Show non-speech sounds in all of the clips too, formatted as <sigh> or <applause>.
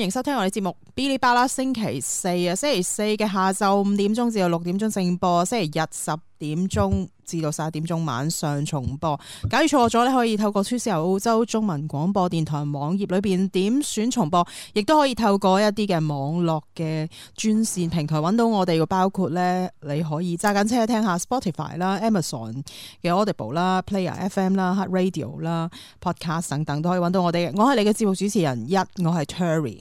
歡迎收聽我哋節目《Bilibala》。星期四啊，星期四嘅下晝五點鐘至到六點鐘正播，星期日十點鐘。至到十一點鐘晚上，上重播。假如錯咗你可以透過 TRA 澳洲中文廣播電台網頁裏邊點選重播，亦都可以透過一啲嘅網絡嘅專線平台揾到我哋。包括呢，你可以揸緊車聽下 Spotify 啦、Amazon 嘅 Audible 啦、Player FM 啦、Hot Radio 啦、Podcast 等等都可以揾到我哋。我係你嘅節目主持人一，我係 Terry，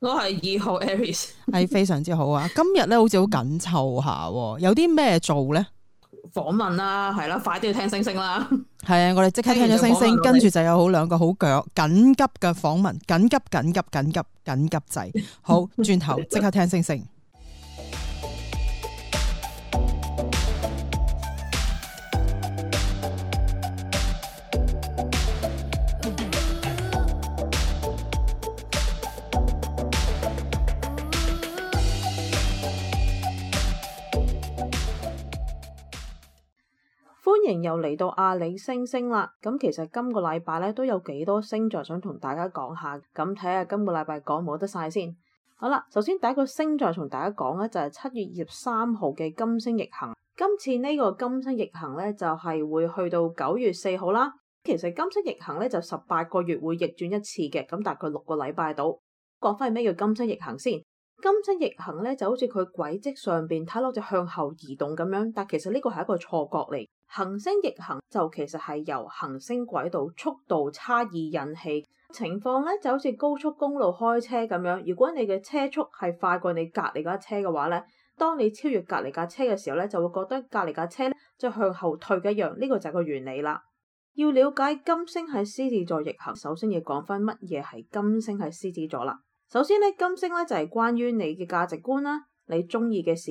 我係二號 Aries，係、 <laughs> 哎、非常之好啊！今日呢，好似好緊湊下，有啲咩做呢？訪問啦，係啦，快啲去聽星星啦。係啊，我哋即刻聽咗星星，跟住就有好兩個好腳緊急嘅訪問，緊急緊急緊急緊急掣。好，轉頭即刻聽星星。 <laughs> 歡迎又嚟到阿里星星啦，咁其實今個禮拜咧都有幾多星象想同大家講下，咁睇下今個禮拜講冇得晒先。好啦，首先第一個星象同大家講咧就係七月二十三號嘅金星逆行。今次呢個金星逆行咧就係會去到九月四號啦。其實金星逆行咧就十八個月會逆轉一次嘅，咁大概六個禮拜到。講翻係咩叫金星逆行先？金星逆行咧就好似佢軌跡上邊睇落就向後移動咁樣，但其實呢個係一個錯覺嚟。行星逆行就其實係由行星軌道速度差異引起，情況咧就好似高速公路開車咁樣，如果你嘅車速係快過你隔離架車嘅話咧，當你超越隔離架車嘅時候咧，就會覺得隔離架車咧就向後退嘅一樣，呢個就係個原理啦。要了解金星喺獅子座逆行，首先要講翻乜嘢係金星喺獅子座啦。首先咧，金星咧就係關於你嘅價值觀啦，你鍾意嘅事。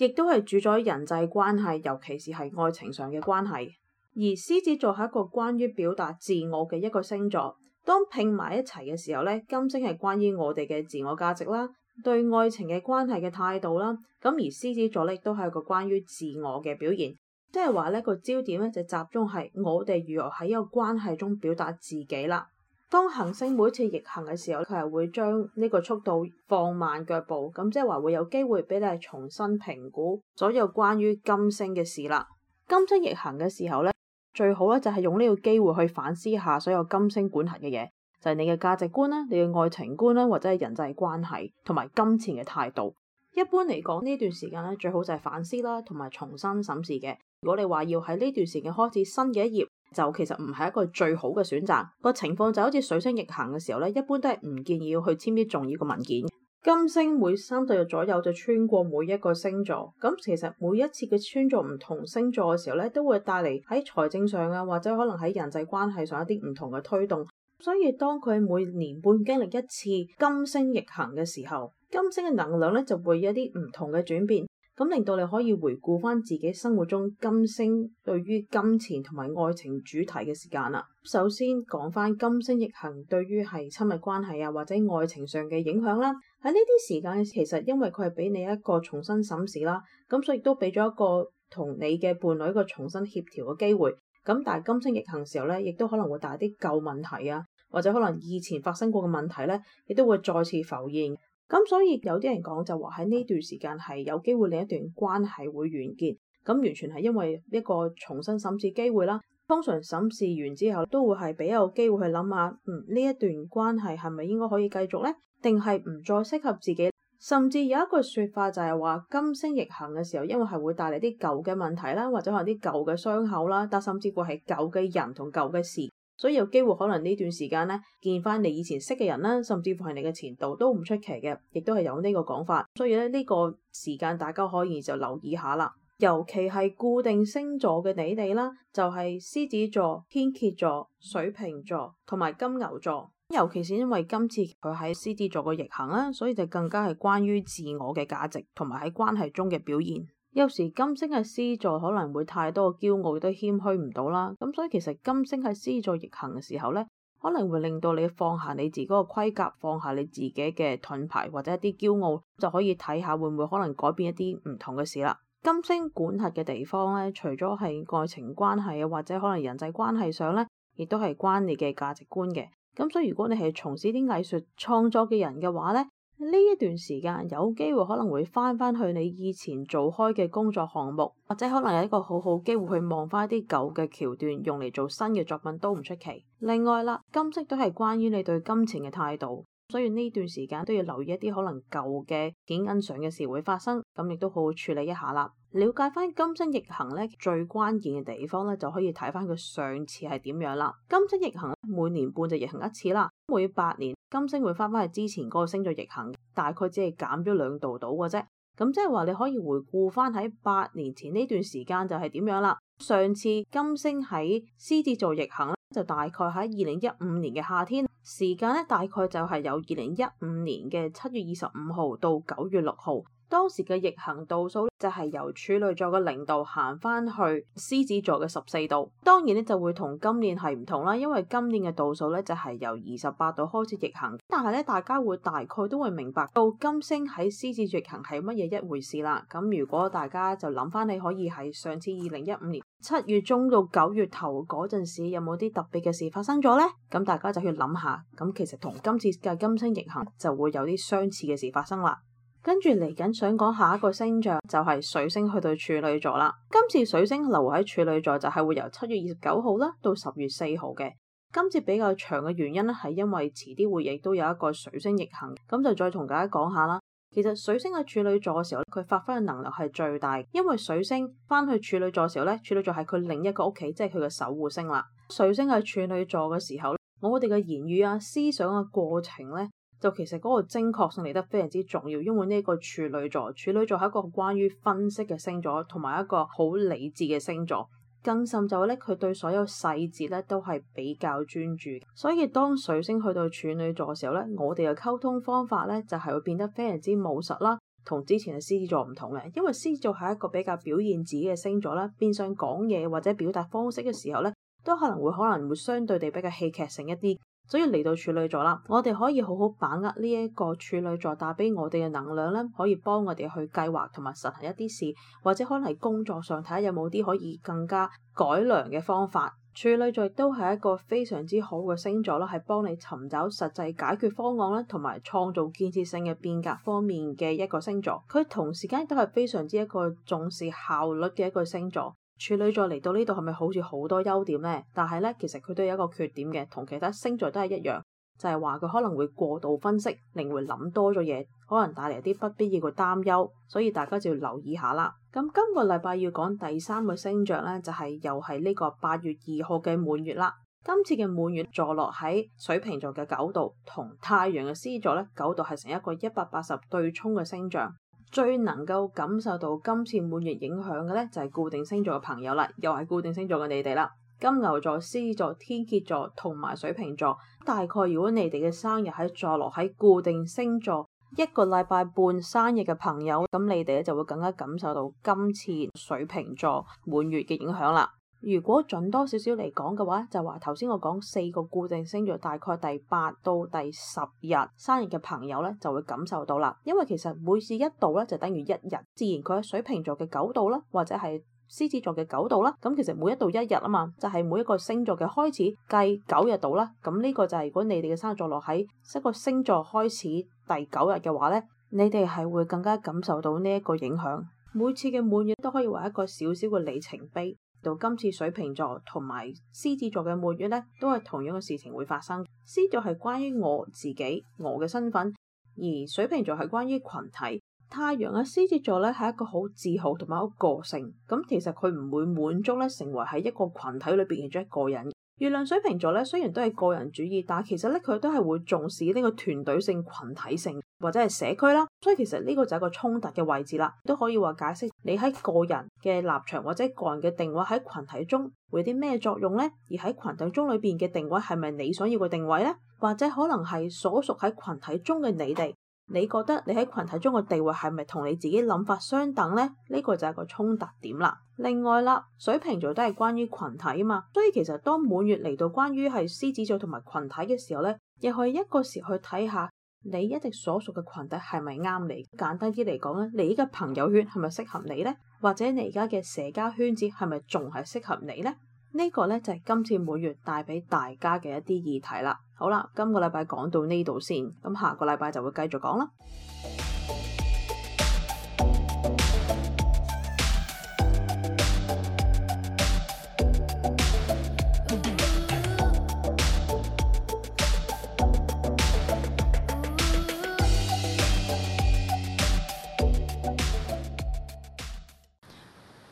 亦都係主宰人際關係，尤其是係愛情上嘅關係。而獅子座係一個關於表達自我嘅一個星座。當拼埋一齊嘅時候咧，金星係關於我哋嘅自我價值啦，對愛情嘅關係嘅態度啦。咁而獅子座咧都係一個關於自我嘅表現，即係話咧個焦點咧就集中係我哋如何喺一個關係中表達自己啦。當行星每次逆行嘅時候，佢係會將呢個速度放慢腳步，咁即係話會有機會俾你重新評估所有關於金星嘅事啦。金星逆行嘅時候咧，最好咧就係用呢個機會去反思下所有金星管轄嘅嘢，就係你嘅價值觀啦、你嘅愛情觀啦，或者係人際關係同埋金錢嘅態度。一般嚟講，呢段時間咧最好就係反思啦，同埋重新審視嘅。如果你話要喺呢段時間開始新嘅一頁，就其實唔係一個最好嘅選擇，個情況就好似水星逆行嘅時候咧，一般都係唔建議要去簽啲重要嘅文件。金星每三個月左右就穿過每一個星座，咁其實每一次嘅穿過唔同星座嘅時候咧，都會帶嚟喺財政上啊，或者可能喺人際關係上一啲唔同嘅推動。所以當佢每年半經歷一次金星逆行嘅時候，金星嘅能量咧就會有一啲唔同嘅轉變。咁令到你可以回顧翻自己生活中金星對於金錢同埋愛情主題嘅時間啦。首先講翻金星逆行對於係親密關係啊或者愛情上嘅影響啦。喺呢啲時間其實因為佢係俾你一個重新審視啦，咁所以都俾咗一個同你嘅伴侶一個重新協調嘅機會。咁但係金星逆行時候咧，亦都可能會帶啲舊問題啊，或者可能以前發生過嘅問題咧，亦都會再次浮現。咁所以有啲人講就話喺呢段時間係有機會另一段關係會完結，咁完全係因為一個重新審視機會啦。通常審視完之後都會係俾一個機會去諗下，嗯，呢一段關係係咪應該可以繼續呢？定係唔再適合自己？甚至有一句説法就係話金星逆行嘅時候，因為係會帶嚟啲舊嘅問題啦，或者話啲舊嘅傷口啦，但甚至乎係舊嘅人同舊嘅事。所以有機會可能呢段時間呢，見翻你以前識嘅人啦，甚至乎係你嘅前度都唔出奇嘅，亦都係有呢個講法。所以咧，呢個時間大家可以就留意下啦，尤其係固定星座嘅你哋啦，就係獅子座、天蠍座、水瓶座同埋金牛座。尤其是因為今次佢喺獅子座嘅逆行啦，所以就更加係關於自我嘅價值同埋喺關係中嘅表現。有時金星嘅獅座可能會太多嘅驕傲都謙虛唔到啦。咁所以其實金星係獅座逆行嘅時候咧，可能會令到你放下你自己個盔甲，放下你自己嘅盾牌或者一啲驕傲，就可以睇下會唔會可能改變一啲唔同嘅事啦。金星管轄嘅地方咧，除咗係愛情關係啊或者可能人際關係上咧，亦都係關你嘅價值觀嘅。咁所以如果你係從事啲藝術創作嘅人嘅話咧。呢一段時間有機會可能會翻返去你以前做開嘅工作項目，或者可能有一個好好機會去望返啲舊嘅橋段，用嚟做新嘅作品都唔出奇。另外啦，金色都係關於你對金錢嘅態度，所以呢段時間都要留意一啲可能舊嘅景欣賞嘅事會發生，咁亦都好好處理一下啦。了解翻金星逆行咧，最關鍵嘅地方咧，就可以睇翻佢上次係點樣啦。金星逆行每年半就逆行一次啦，每八年金星會翻返去之前嗰個星座逆行，大概只係減咗兩度度嘅啫。咁即係話你可以回顧翻喺八年前呢段時間就係點樣啦。上次金星喺獅子座逆行咧，就大概喺二零一五年嘅夏天，時間咧大概就係由二零一五年嘅七月二十五號到九月六號。當時嘅逆行度數就係由處女座嘅零度行翻去獅子座嘅十四度，當然咧就會同今年係唔同啦，因為今年嘅度數咧就係由二十八度開始逆行。但係咧，大家會大概都會明白到金星喺獅子逆行係乜嘢一回事啦。咁如果大家就諗翻你可以喺上次二零一五年七月中到九月頭嗰陣時，有冇啲特別嘅事發生咗呢？咁大家就要諗下，咁其實同今次嘅金星逆行就會有啲相似嘅事發生啦。跟住嚟緊想講下一個星象就係水星去到處女座啦。今次水星留喺處女座就係會由七月二十九號啦到十月四號嘅。今次比較長嘅原因咧係因為遲啲會亦都有一個水星逆行，咁就再同大家講下啦。其實水星喺處女座嘅時候，佢發揮嘅能量係最大，因為水星翻去處女座時候咧，處女座係佢另一個屋企，即係佢嘅守護星啦。水星喺處女座嘅時候，我哋嘅言語啊、思想嘅過程咧。就其實嗰個精確性嚟得非常之重要，因為呢個處女座，處女座係一個關於分析嘅星座，同埋一個好理智嘅星座，更甚就咧佢對所有細節咧都係比較專注。所以當水星去到處女座嘅時候咧，我哋嘅溝通方法咧就係會變得非常之務實啦，同之前嘅獅子座唔同嘅，因為獅子座係一個比較表現自己嘅星座啦，變相講嘢或者表達方式嘅時候咧，都可能會可能會相對地比較戲劇性一啲。所以嚟到處女座啦，我哋可以好好把握呢一個處女座帶俾我哋嘅能量咧，可以幫我哋去計劃同埋實行一啲事，或者可能係工作上睇下有冇啲可以更加改良嘅方法。處女座都係一個非常之好嘅星座啦，係幫你尋找實際解決方案啦，同埋創造建設性嘅變革方面嘅一個星座。佢同時間亦都係非常之一個重視效率嘅一個星座。處女座嚟到呢度係咪好似好多優點呢？但係咧，其實佢都有一個缺點嘅，同其他星座都係一樣，就係話佢可能會過度分析，令會諗多咗嘢，可能帶嚟啲不必要嘅擔憂，所以大家就要留意下啦。咁今個禮拜要講第三個星象咧，就係、是、又係呢個八月二號嘅滿月啦。今次嘅滿月坐落喺水瓶座嘅九度，同太陽嘅獅座咧九度係成一個一百八十對沖嘅星象。最能夠感受到今次滿月影響嘅呢，就係固定星座嘅朋友啦，又係固定星座嘅你哋啦。金牛座、獅子座、天蠍座同埋水瓶座，大概如果你哋嘅生日喺坐落喺固定星座一個禮拜半生日嘅朋友，咁你哋咧就會更加感受到今次水瓶座滿月嘅影響啦。如果準多少少嚟講嘅話，就話頭先我講四個固定星座，大概第八到第十日生日嘅朋友咧就會感受到啦。因為其實每次一度咧就等於一日，自然佢喺水瓶座嘅九度啦，或者係獅子座嘅九度啦。咁其實每一度一日啊嘛，就係、是、每一個星座嘅開始計九日度啦。咁、這、呢個就係如果你哋嘅生日座落喺一個星座開始第九日嘅話咧，你哋係會更加感受到呢一個影響。每次嘅滿月都可以話一個小小嘅里程碑。到今次水瓶座同埋獅子座嘅滿月呢，都係同樣嘅事情會發生。獅子座係關於我自己我嘅身份，而水瓶座係關於群體。太陽嘅獅子座呢，係一個好自豪同埋一個個性咁，其實佢唔會滿足呢成為喺一個群體裏邊其中一個人。月亮水瓶座呢，雖然都係個人主義，但係其實呢，佢都係會重視呢個團隊性、群體性。或者係社區啦，所以其實呢個就係一個衝突嘅位置啦，都可以話解釋你喺個人嘅立場或者個人嘅定位喺群體中會有啲咩作用呢？而喺群體中裏邊嘅定位係咪你想要嘅定位呢？或者可能係所屬喺群體中嘅你哋，你覺得你喺群體中嘅地位係咪同你自己諗法相等呢？呢個就係個衝突點啦。另外啦，水瓶座都係關於群體啊嘛，所以其實當滿月嚟到關於係獅子座同埋群體嘅時候呢，亦可以一個時去睇下。你一直所屬嘅群體係咪啱你？簡單啲嚟講咧，你嘅朋友圈係咪適合你呢？或者你而家嘅社交圈子係咪仲係適合你呢？呢個呢，就係今次每月帶俾大家嘅一啲議題啦。好啦，今個禮拜講到呢度先，咁下個禮拜就會繼續講啦。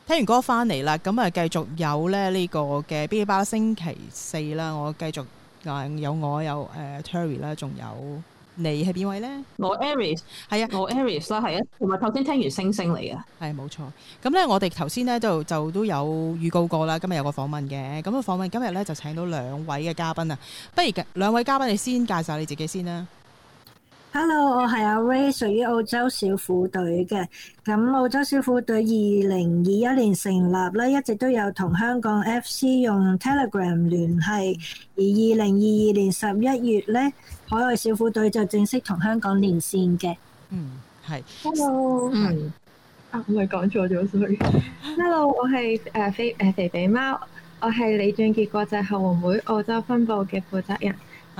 聽完歌翻嚟啦，咁啊繼續有咧呢、這個嘅《Bilibala》星期四啦。我繼續有我有誒、呃、Terry 啦，仲有你係邊位咧？我 Aries 係啊，我 Aries 啦係啊，同埋頭先聽完星星嚟啊，係冇、嗯、錯。咁咧，我哋頭先咧就就都有預告過啦。今日有個訪問嘅咁、那個訪問今呢，今日咧就請到兩位嘅嘉賓啊。不如兩位嘉賓，你先介紹你自己先啦。Hello，我係阿 Rae，屬於澳洲小虎隊嘅。咁澳洲小虎隊二零二一年成立咧，一直都有同香港 FC 用 Telegram 聯繫。而二零二二年十一月咧，海外小虎隊就正式同香港連線嘅。嗯，係、uh。Hello。嗯。啊，我係講錯咗，sorry。Hello，我係誒肥誒肥肥貓，我係李駿傑國際後援會澳洲分部嘅負責人。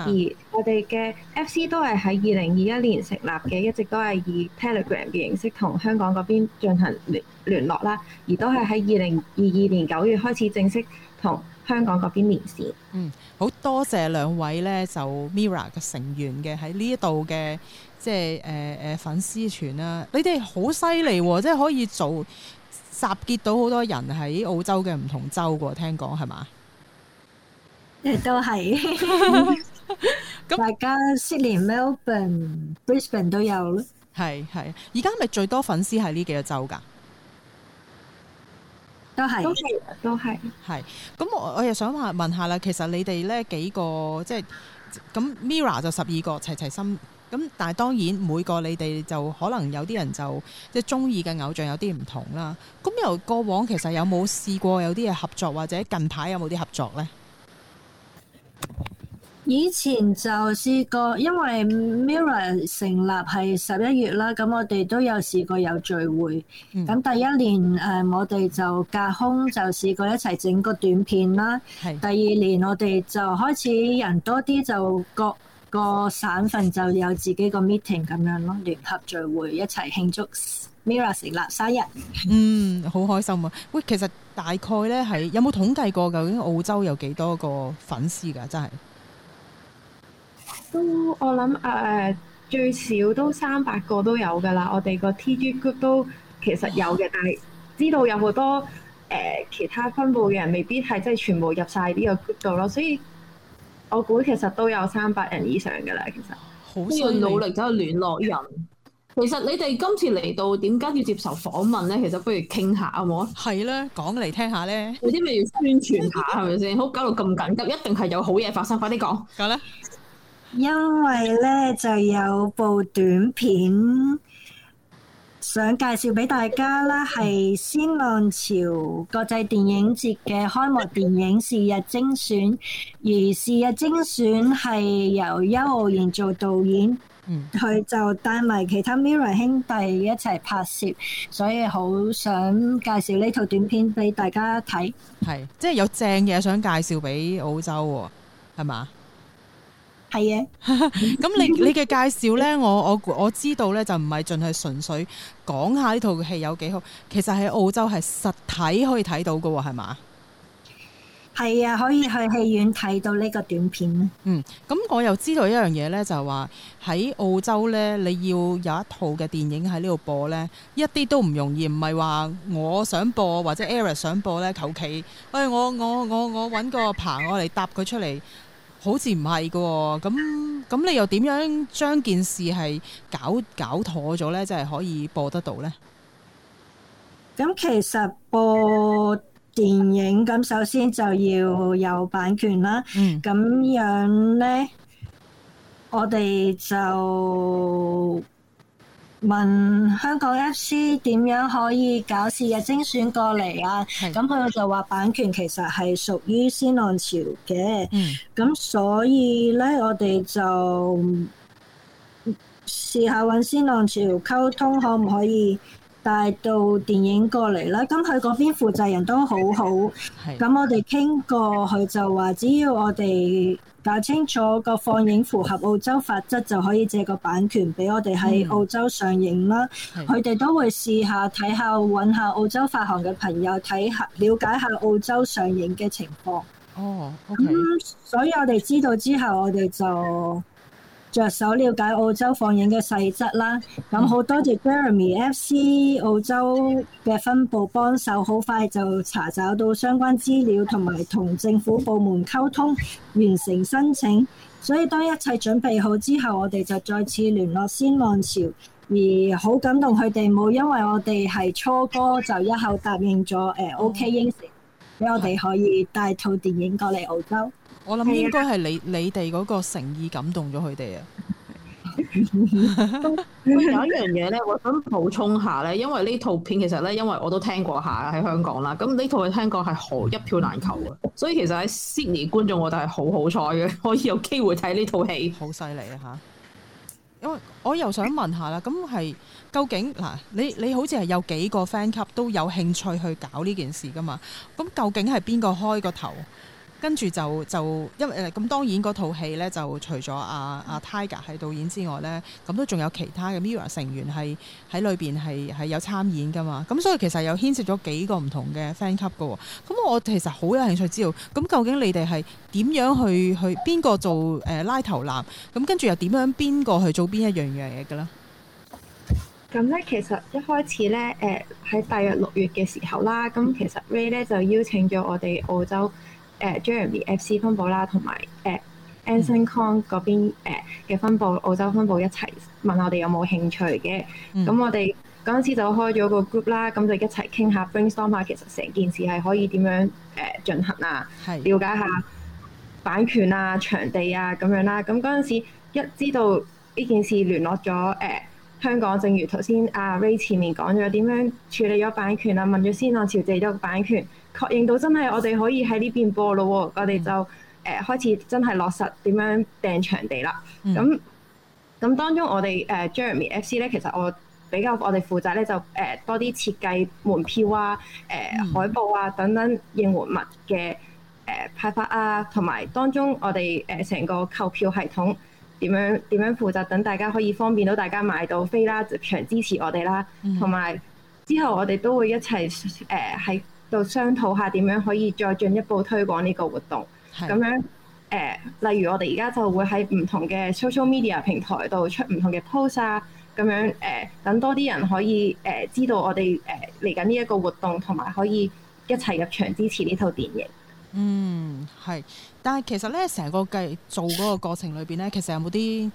而我哋嘅 FC 都係喺二零二一年成立嘅，一直都係以 Telegram 嘅形式同香港嗰邊進行聯聯絡啦，而都係喺二零二二年九月開始正式同香港嗰邊連線。嗯，好多謝兩位呢，就 Mira 嘅成員嘅喺呢一度嘅即係誒誒粉絲團啦、啊，你哋好犀利喎，即係可以做集結到好多人喺澳洲嘅唔同州嘅、啊、喎，聽講係嘛？誒，都係 是。 <laughs> <laughs> 咁、 <laughs> 嗯、大家悉尼、Melbourne、Brisbane 都有咯。係係，而家咪最多粉絲係呢幾個州噶是，都係都係都係。係，咁我我又想話問下啦，其實你哋呢幾個即係咁 MIRROR 就十二個齊齊心，咁但係當然每個你哋就可能有啲人就即係中意嘅偶像有啲唔同啦。咁又過往其實有冇試過有啲嘢合作，或者近排有冇啲合作呢？以前就試過，因為 Mirror 成立係十一月啦，咁我哋都有試過有聚會。咁、嗯、第一年誒、嗯，我哋就隔空就試過一齊整個短片啦。嗯、第二年我哋就開始人多啲，就各個省份就有自己個 meeting 咁樣咯，聯合聚會一齊慶祝 Mirror 成立生日。嗯，好開心啊！喂，其實大概呢，係有冇統計過，究竟澳洲有幾多個粉絲㗎？真係。都我諗誒、呃，最少都三百個都有噶啦。我哋個 T G group 都其實有嘅，但係知道有好多誒、呃、其他分布嘅人未必係即係全部入晒呢個 group 度咯。所以，我估其實都有三百人以上噶啦。其實好需要努力走去聯絡人。其實你哋今次嚟到，點解要接受訪問咧？其實不如傾下好唔好啊？係咧，講嚟聽下咧。有啲咩要宣傳下係咪先？好搞到咁緊急，一定係有好嘢發生，快啲講。講啦。因為咧就有部短片想介紹俾大家啦，係鮮浪潮國際電影節嘅開幕電影是日精選，而是日精選係由邱傲然做導演，佢、嗯、就帶埋其他 Mirror 兄弟一齊拍攝，所以好想介紹呢套短片俾大家睇。係，即係有正嘢想介紹俾澳洲喎，係嘛？係啊，咁是 <laughs> 你你嘅介紹呢，我我我知道呢，就唔係淨係純粹講下呢套戲有幾好，其實喺澳洲係實體可以睇到噶，係嘛？係啊，可以去戲院睇到呢個短片。嗯，咁我又知道一樣嘢呢，就係話喺澳洲呢，你要有一套嘅電影喺呢度播呢，一啲都唔容易，唔係話我想播或者 Eric 想播呢，求其，喂我我我我搵個棚我嚟搭佢出嚟。好似唔係嘅，咁咁你又點樣將件事係搞搞妥咗呢？即係可以播得到呢？咁其實播電影咁，首先就要有版權啦。咁樣呢，我哋就。問香港 FC 點樣可以搞是日精選過嚟啊？咁佢的就話版權其實係屬於先浪潮嘅，咁的所以呢，我哋就試下揾先浪潮溝通，可唔可以帶到電影過嚟啦，咁佢嗰邊負責人都好好，咁的我哋傾過，佢就話只要我哋搞清楚個放映符合澳洲法則，就可以借個版權俾我哋喺澳洲上映啦。佢哋、嗯、都會試下睇下，揾下澳洲發行嘅朋友睇下，了解下澳洲上映嘅情況。哦、oh, okay.，咁所以我哋知道之後，我哋就。着手了解澳洲放映嘅細則啦，咁好多謝 Jeremy FC 澳洲嘅分部幫手，好快就查找到相關資料，同埋同政府部門溝通，完成申請。所以當一切準備好之後，我哋就再次聯絡先浪潮，而好感動佢哋冇因為我哋係初哥就一口答應咗，誒 OK 應承，俾我哋可以帶套電影過嚟澳洲。我諗應該係你你哋嗰個誠意感動咗佢哋啊！ <laughs> <music> 有一樣嘢咧，我想補充下咧，因為呢套片其實咧，因為我都聽過下喺香港啦，咁呢套嘅聽過係好一票難求嘅，所以其實喺 Sydney 觀眾我哋係好好彩嘅，可以有機會睇呢套戲，好犀利啊吓！因為我又想問下啦，咁係究竟嗱，你你好似係有幾個 fan 級都有興趣去搞呢件事噶嘛？咁究竟係邊個開個頭？跟住就就，因為咁當然嗰套戲咧，就除咗阿、啊、阿、啊、Tiger 係導演之外咧，咁都仲有其他嘅 Mirror 成員係喺裏邊係係有參演噶嘛。咁所以其實又牽涉咗幾個唔同嘅 fan club 嘅、哦。咁我其實好有興趣知道，咁究竟你哋係點樣去去邊個做誒、呃、拉頭男？咁跟住又點樣邊個去做邊一樣樣嘢嘅咧？咁咧，其實一開始咧，誒喺大約六月嘅時候啦，咁其實 Rae 咧就邀請咗我哋澳洲。誒、uh, Jeremy、FC、F C、uh, uh, uh, 分部啦，同埋誒 Anson Kong 嗰邊嘅分部，澳洲分部一齊問我哋有冇興趣嘅？咁、uh huh. 我哋嗰陣時就開咗個 group 啦，咁就一齊傾下 brainstorm 下其實成件事係可以點樣誒進、uh, 行啊，了解下版權啊、場地啊咁樣啦，咁嗰陣時一知道呢件事聯絡咗誒。Uh, 香港正如頭先阿 Rae 前面講咗，點樣處理咗版權啊，問咗先浪潮借咗個版權，確認到真係我哋可以喺呢邊播咯喎，我哋就誒、嗯呃、開始真係落實點樣訂場地啦。咁咁、嗯、當中我哋誒、呃、Jeremy FC 咧，其實我比較我哋負責咧，就誒、呃、多啲設計門票啊、誒、呃嗯、海報啊等等應援物嘅誒派發啊，同埋當中我哋誒成個購票系統。點樣點樣負責？等大家可以方便到大家買到飛啦，入場支持我哋啦，同埋、嗯、之後我哋都會一齊誒喺度商討下點樣可以再進一步推廣呢個活動。咁是樣誒、呃，例如我哋而家就會喺唔同嘅 social media 平台度出唔同嘅 post 啊，咁樣誒，等、呃、多啲人可以誒、呃、知道我哋誒嚟緊呢一個活動，同埋可以一齊入場支持呢套電影。嗯，係。但係其實咧，成個計做嗰個過程裏邊咧，其實有冇啲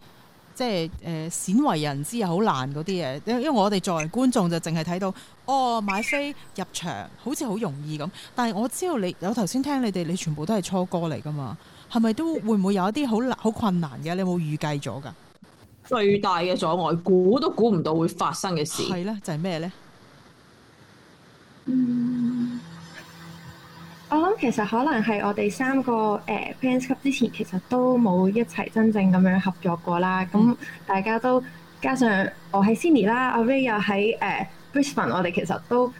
即係誒、呃、鮮為人知又好難嗰啲嘢？因為我哋作為觀眾就淨係睇到哦買飛入場好似好容易咁。但係我知道你，我頭先聽你哋，你全部都係初哥嚟噶嘛？係咪都會唔會有一啲好難、好困難嘅？你有冇預計咗㗎？最大嘅阻礙，估都估唔到會發生嘅事。係咧、啊，就係咩咧？嗯我諗其實可能係我哋三個誒、uh, fans 級之前其實都冇一齊真正咁樣合作過啦。咁大家都加上我喺 Sydney 啦，阿 Ray 又喺誒、uh, Brisbane，我哋其實都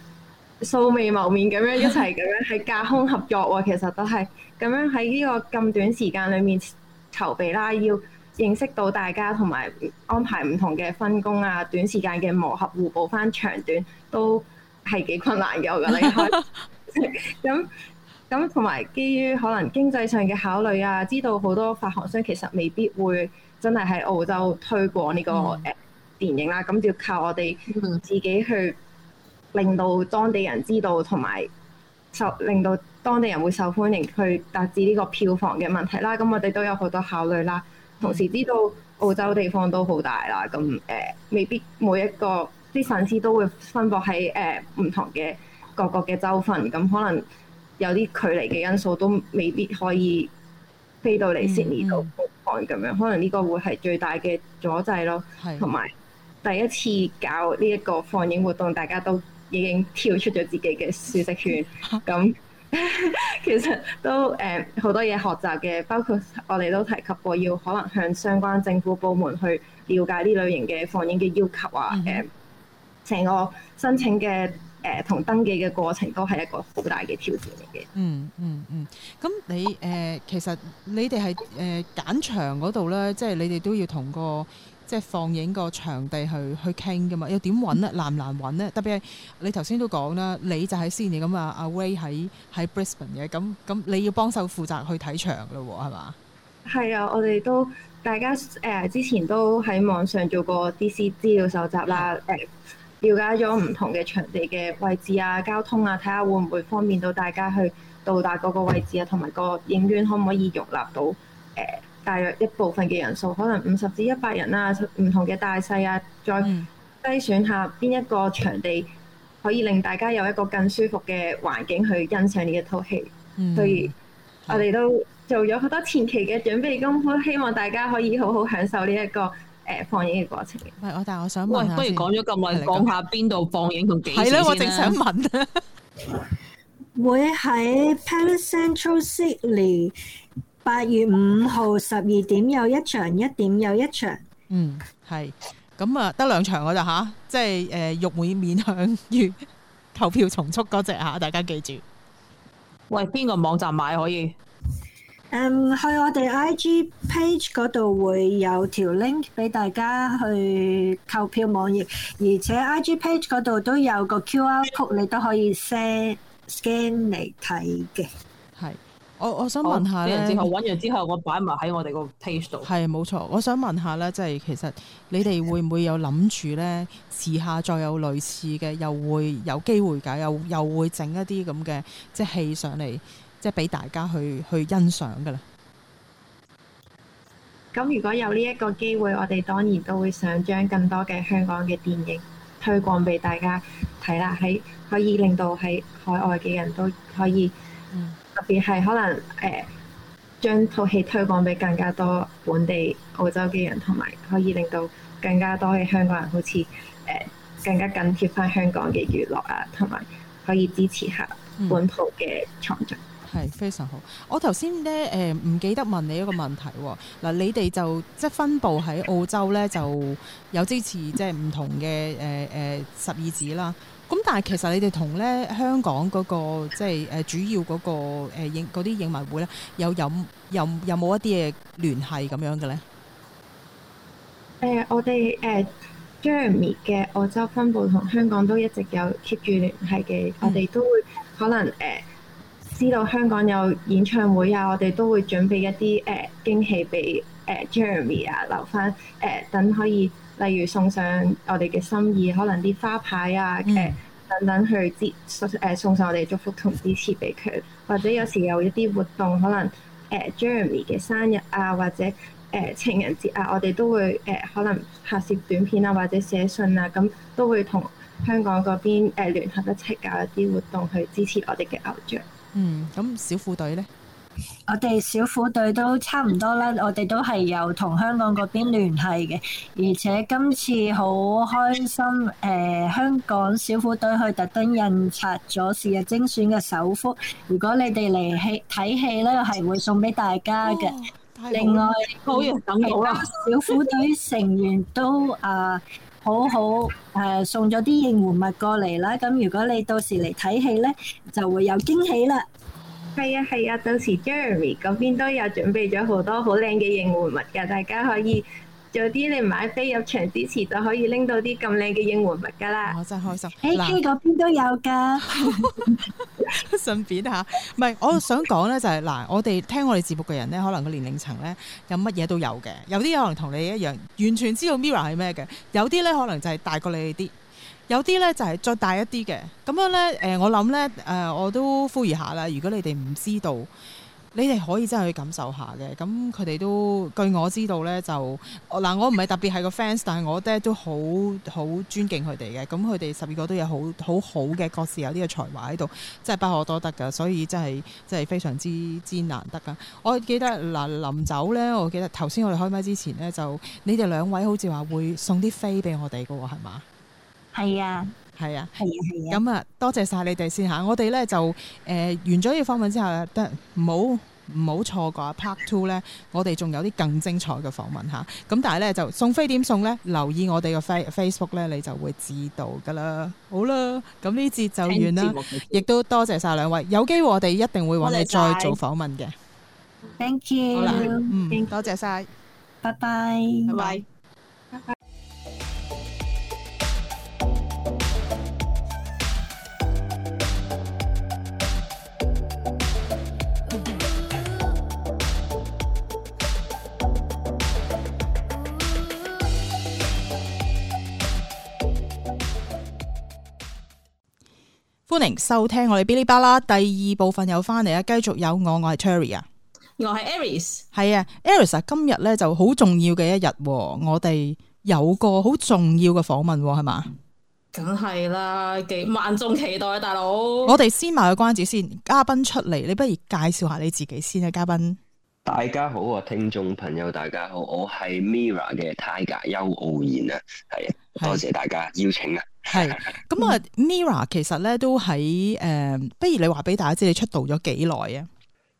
素未謀面咁樣一齊咁樣喺隔空合作喎、喔。其實都係咁樣喺呢個咁短時間裏面籌備啦，要認識到大家同埋安排唔同嘅分工啊，短時間嘅磨合互補翻長短都係幾困難嘅我覺得，因為咁。咁同埋，基於可能經濟上嘅考慮啊，知道好多發行商其實未必會真係喺澳洲推廣呢個誒電影啦。咁、mm hmm. 就靠我哋自己去令到當地人知道，同埋受令到當地人會受歡迎去達至呢個票房嘅問題啦。咁我哋都有好多考慮啦。同時知道澳洲地方都好大啦，咁誒未必每一個啲粉絲都會分布喺誒唔同嘅各個嘅州份咁可能。有啲距離嘅因素都未必可以飛到嚟先 Sydney 度播放咁樣，可能呢個會係最大嘅阻滯咯。同埋的第一次搞呢一個放映活動，大家都已經跳出咗自己嘅舒適圈，咁 <laughs> 那 <laughs> 其實都誒好、嗯、多嘢學習嘅，包括我哋都提及過要可能向相關政府部門去了解呢類型嘅放映嘅要求啊，誒、嗯，成個、嗯、申請嘅。誒同、呃、登記嘅過程都係一個好大嘅挑戰嚟嘅、嗯。嗯嗯嗯。咁你誒、呃、其實你哋係誒揀場嗰度咧，即係你哋都要同個即係放映個場地去去傾噶嘛？又點揾咧？難唔難揾咧？特別係你頭先都講啦，你就喺悉尼，咁啊阿 Rae 喺喺 Brisbane 嘅，咁咁你要幫手負責去睇場咯喎、啊，係嘛？係啊，我哋都大家誒、呃、之前都喺網上做過 DC 資料搜集啦，誒、嗯。呃了解咗唔同嘅場地嘅位置啊、交通啊，睇下會唔會方便到大家去到達嗰個位置啊，同埋個影院可唔可以容納到誒、呃、大約一部分嘅人數，可能五十至一百人啊，唔同嘅大細啊，再篩選下邊一個場地可以令大家有一個更舒服嘅環境去欣賞呢一套戲。嗯、所以我哋都做咗好多前期嘅準備功夫，希望大家可以好好享受呢、這、一個。誒放映嘅過程。係我，但係我想問不如講咗咁耐，講的下邊度放映同幾時啦？係啦，我正想問啦、啊。 <laughs> 會喺 Palace Central Sydney 八月五號十二點有一場，一點又一場。嗯，係。咁啊，得兩場噶咋吓，即係誒，會唔會向於投票重複嗰隻啊？大家記住。喂，邊個網站買可以？Um, 去我哋 IG page 嗰度會有條 link 俾大家去購票網頁，而且 IG page 嗰度都有個 QR code，你都可以 send scan 嚟睇嘅。係，我我想問下咧，揾完之後，揾完之後，我擺埋喺我哋個 page 度。係，冇錯。我想問下呢，即係其實你哋會唔會有諗住呢？時下再有類似嘅，又會有機會解，又又會整一啲咁嘅即係戲上嚟。即係俾大家去去欣賞㗎啦。咁如果有呢一個機會，我哋當然都會想將更多嘅香港嘅電影推廣俾大家睇啦，喺可以令到喺海外嘅人都可以，嗯、特別係可能誒、呃、將套戲推廣俾更加多本地澳洲嘅人，同埋可以令到更加多嘅香港人好似誒、呃、更加緊貼翻香港嘅娛樂啊，同埋可以支持下本土嘅創作。嗯係非常好。我頭先咧誒唔記得問你一個問題喎、哦。嗱，你哋就即係分部喺澳洲咧，就有支持即係唔同嘅誒誒十二子啦。咁但係其實你哋同咧香港嗰、那個即係誒、呃、主要嗰、那個影嗰啲影迷會咧有有有有冇一啲嘢聯繫咁樣嘅咧？誒、呃，我哋誒、呃、Jeremy 嘅澳洲分部同香港都一直有 keep 住聯繫嘅。我哋都會可能誒。呃知道香港有演唱會啊，我哋都會準備一啲誒、呃、驚喜俾誒、呃、Jeremy 啊，留翻誒、呃、等可以，例如送上我哋嘅心意，可能啲花牌啊誒、嗯呃、等等去支送、呃、送上我哋祝福同支持俾佢。或者有時有一啲活動，可能誒、呃、Jeremy 嘅生日啊，或者誒、呃、情人節啊，我哋都會誒、呃、可能拍攝短片啊，或者寫信啊，咁都會同香港嗰邊誒聯合一齊搞一啲活動去支持我哋嘅偶像。嗯，咁小虎隊呢，我哋小虎隊都差唔多啦，我哋都係有同香港嗰邊聯繫嘅，而且今次好開心，誒，香港小虎隊去特登印刷咗《是日精選》嘅首幅，如果你哋嚟戲睇戲呢，係會送俾大家嘅。另外，好榮幸，小虎隊成員都啊。好好誒，送咗啲應援物過嚟啦！咁如果你到時嚟睇戲呢，就會有驚喜啦。係啊係啊，到時 Jeremy 嗰邊都有準備咗好多好靚嘅應援物㗎，大家可以。有啲你唔買飛入場之前就可以拎到啲咁靚嘅應援物㗎啦！我真開心。A K 嗰邊都有㗎。 <laughs> <laughs> 順便吓，唔係，我想講咧就係、是、嗱，我哋聽我哋節目嘅人咧，可能個年齡層咧有乜嘢都有嘅。有啲可能同你一樣，完全知道 Mirror 係咩嘅；有啲咧可能就係大過你啲；有啲咧就係、是、再大一啲嘅。咁樣咧，誒、呃，我諗咧，誒、呃，我都呼籲下啦。如果你哋唔知道。你哋可以真係去感受下嘅，咁佢哋都據我知道呢，就，嗱我唔係特別係個 fans，但係我爹都好好尊敬佢哋嘅。咁佢哋十二個都有好好好嘅各自有啲嘅才華喺度，真係不可多得噶，所以真係真係非常之之難得噶。我記得嗱，臨走呢，我記得頭先我哋開咪之前呢，就你哋兩位好似話會送啲飛俾我哋噶喎，係嘛？係啊。係啊，係啊，咁、嗯、啊，多謝晒你哋先吓，我哋咧就誒、呃、完咗呢個訪問之後，得唔好唔好錯過啊，Part Two 咧，我哋仲有啲更精彩嘅訪問吓，咁、嗯、但係咧就送飛點送咧，留意我哋嘅 face Facebook 咧，你就會知道噶啦，好啦，咁呢節就完啦，亦都多謝晒兩位，有機會我哋一定會揾你再做訪問嘅，Thank you，好啦，嗯，多謝曬，拜拜，拜拜。Bye. 歡迎收聽我哋嗶哩吧啦第二部分又翻嚟！啊，繼續有我，我係 Tury 啊，我係 Aries，係啊，Aries 啊，今日咧就好重要嘅一日，我哋有個好重要嘅訪問係嘛？梗係啦，幾萬眾期待，啊，大佬。我哋先賣個關子先，嘉賓出嚟，你不如介紹下你自己先啊，嘉賓。大家好啊，聽眾朋友大家好，我係 Mira 嘅 Tiger 邱傲然啊，係啊，多謝大家邀請啊。係，咁啊，Mira 其實咧都喺誒、呃，不如你話俾大家知你出道咗幾耐啊？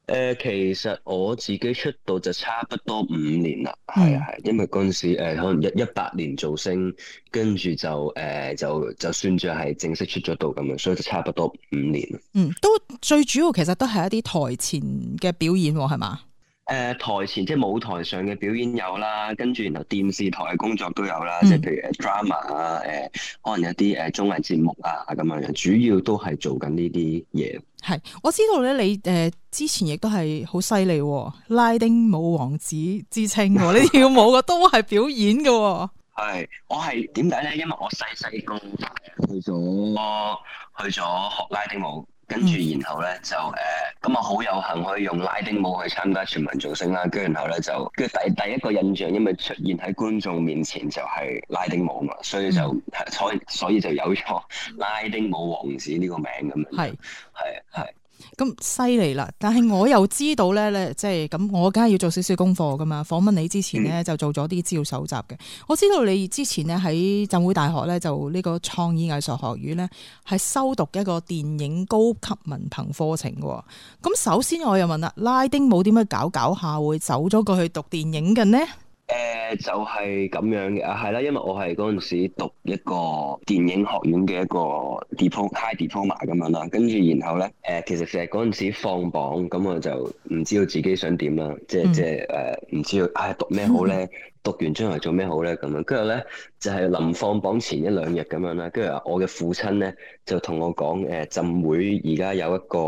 誒、呃，其實我自己出道就差不多五年啦，係係，因為嗰陣時誒，可能一一百年造星，跟住就誒、呃、就就算住係正式出咗道咁樣，所以就差不多五年。嗯，都最主要其實都係一啲台前嘅表演係嘛？誒、呃，台前即係舞台上嘅表演有啦，跟住然後電視台嘅工作都有啦，即係、嗯、譬如 drama 啊，誒、呃，可能有啲誒綜藝節目啊咁樣樣，主要都係做緊呢啲嘢。係，我知道咧，你誒、呃、之前亦都係好犀利，拉丁舞王子之稱嘅，呢跳舞嘅都係表演嘅、哦。係， <laughs> 我係點解咧？因為我細細個去咗去咗學拉丁舞。跟住，嗯、然後咧就誒，咁啊好有幸可以用拉丁舞去參加全民造星啦。跟住，然後咧就，佢第第一個印象，因為出現喺觀眾面前就係拉丁舞嘛，所以就所以、嗯、所以就有咗拉丁舞王子呢、呢個名咁樣。係係係。咁犀利啦！但係我又知道咧，咧即係咁，我梗係要做少少功課噶嘛。訪問你之前咧，就做咗啲資料搜集嘅。嗯、我知道你之前咧喺浸會大學咧，就呢個創意藝術學院咧係修讀一個電影高級文憑課程嘅。咁首先我又問啦，拉丁舞點解搞搞下會走咗過去讀電影嘅呢？誒、呃、就係、是、咁樣嘅啊，係啦，因為我係嗰陣時讀一個電影學院嘅一個 d i p o m high diploma 咁樣啦，跟住然後咧，誒、呃、其實成日嗰陣時放榜，咁、嗯、我就唔知道自己想點啦，即係即係誒唔知道，唉、啊、讀咩好咧？嗯讀完將來做咩好咧？咁樣，跟住咧就係、是、臨放榜前一兩日咁樣啦。跟住我嘅父親咧就同我講，誒、呃，浸會而家有一個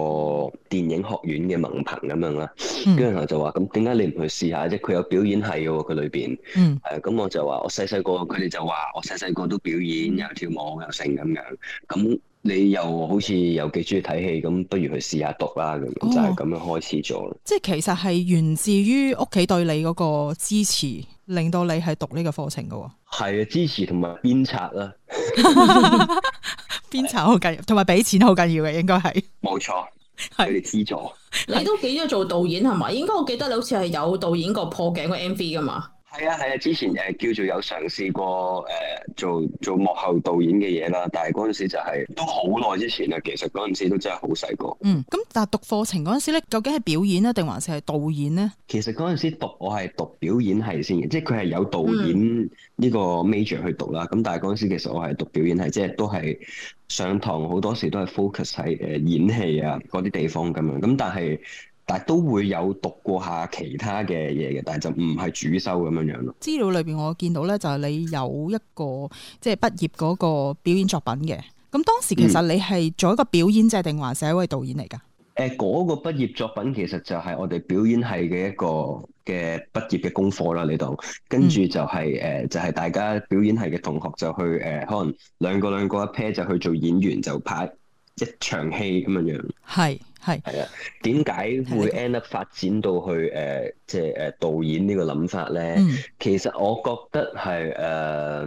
電影學院嘅文憑咁樣啦。跟住就話，咁點解你唔去試下即，佢有表演系嘅喎，佢裏邊、嗯嗯。嗯。誒、嗯，咁我就話，我細細個佢哋就話，我細細個都表演，又跳舞又成咁樣。咁、嗯、你又好似又幾中意睇戲，咁不如去試下讀啦。咁、哦、就係咁樣開始咗、哦。即係其實係源自於屋企對你嗰個支持。令到你係讀呢個課程噶喎、哦，係啊，支持同埋鞭策啦，鞭策好緊要，同埋俾錢好緊要嘅，應該係冇錯，係你哋資助。你都幾多做導演係嘛？應該我記得你好似係有導演個破鏡個 MV 噶嘛。係啊係啊，之前誒叫做有嘗試過誒、呃、做做幕後導演嘅嘢啦，但係嗰陣時就係、是、都好耐之前啊。其實嗰陣時都真係好細個。嗯，咁但係讀課程嗰陣時咧，究竟係表演啊，定還是係導演咧？其實嗰陣時讀我係讀表演系先，即係佢係有導演呢個 major 去讀啦。咁、嗯、但係嗰陣時其實我係讀表演系，即係都係上堂好多時都係 focus 喺誒演戲啊嗰啲地方咁樣。咁但係。但係都會有讀過下其他嘅嘢嘅，但係就唔係主修咁樣樣咯。資料裏邊我見到咧，就係你有一個即係畢業嗰個表演作品嘅。咁當時其實你係做一個表演者定、嗯、還是一位導演嚟㗎？誒、呃，嗰、那個畢業作品其實就係我哋表演系嘅一個嘅畢業嘅功課啦，你度跟住就係、是、誒、嗯呃，就係、是、大家表演系嘅同學就去誒、呃，可能兩個兩個一 pair 就去做演員就拍一場戲咁樣樣，係係係啊，點解會 end up 發展到去誒，即係誒導演個呢個諗法咧？嗯、其實我覺得係誒、呃，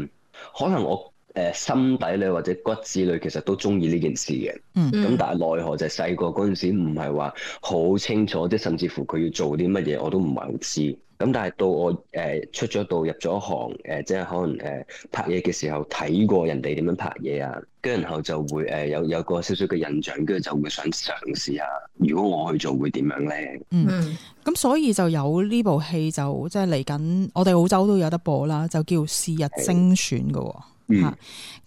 可能我誒、呃、心底裏或者骨子裏其實都中意呢件事嘅，咁、嗯、但係奈何就細個嗰陣時唔係話好清楚，即係甚至乎佢要做啲乜嘢我都唔係好知。咁但係到我誒、呃、出咗道入咗行誒、呃，即係可能誒、呃、拍嘢嘅時候睇過人哋點樣拍嘢啊，跟住然後就會誒、呃、有有個少少嘅印象，跟住就會想嘗試下，如果我去做會點樣咧？嗯，咁所以就有呢部戲就即係嚟緊，我哋澳洲都有得播啦，就叫《是日精選》噶嚇。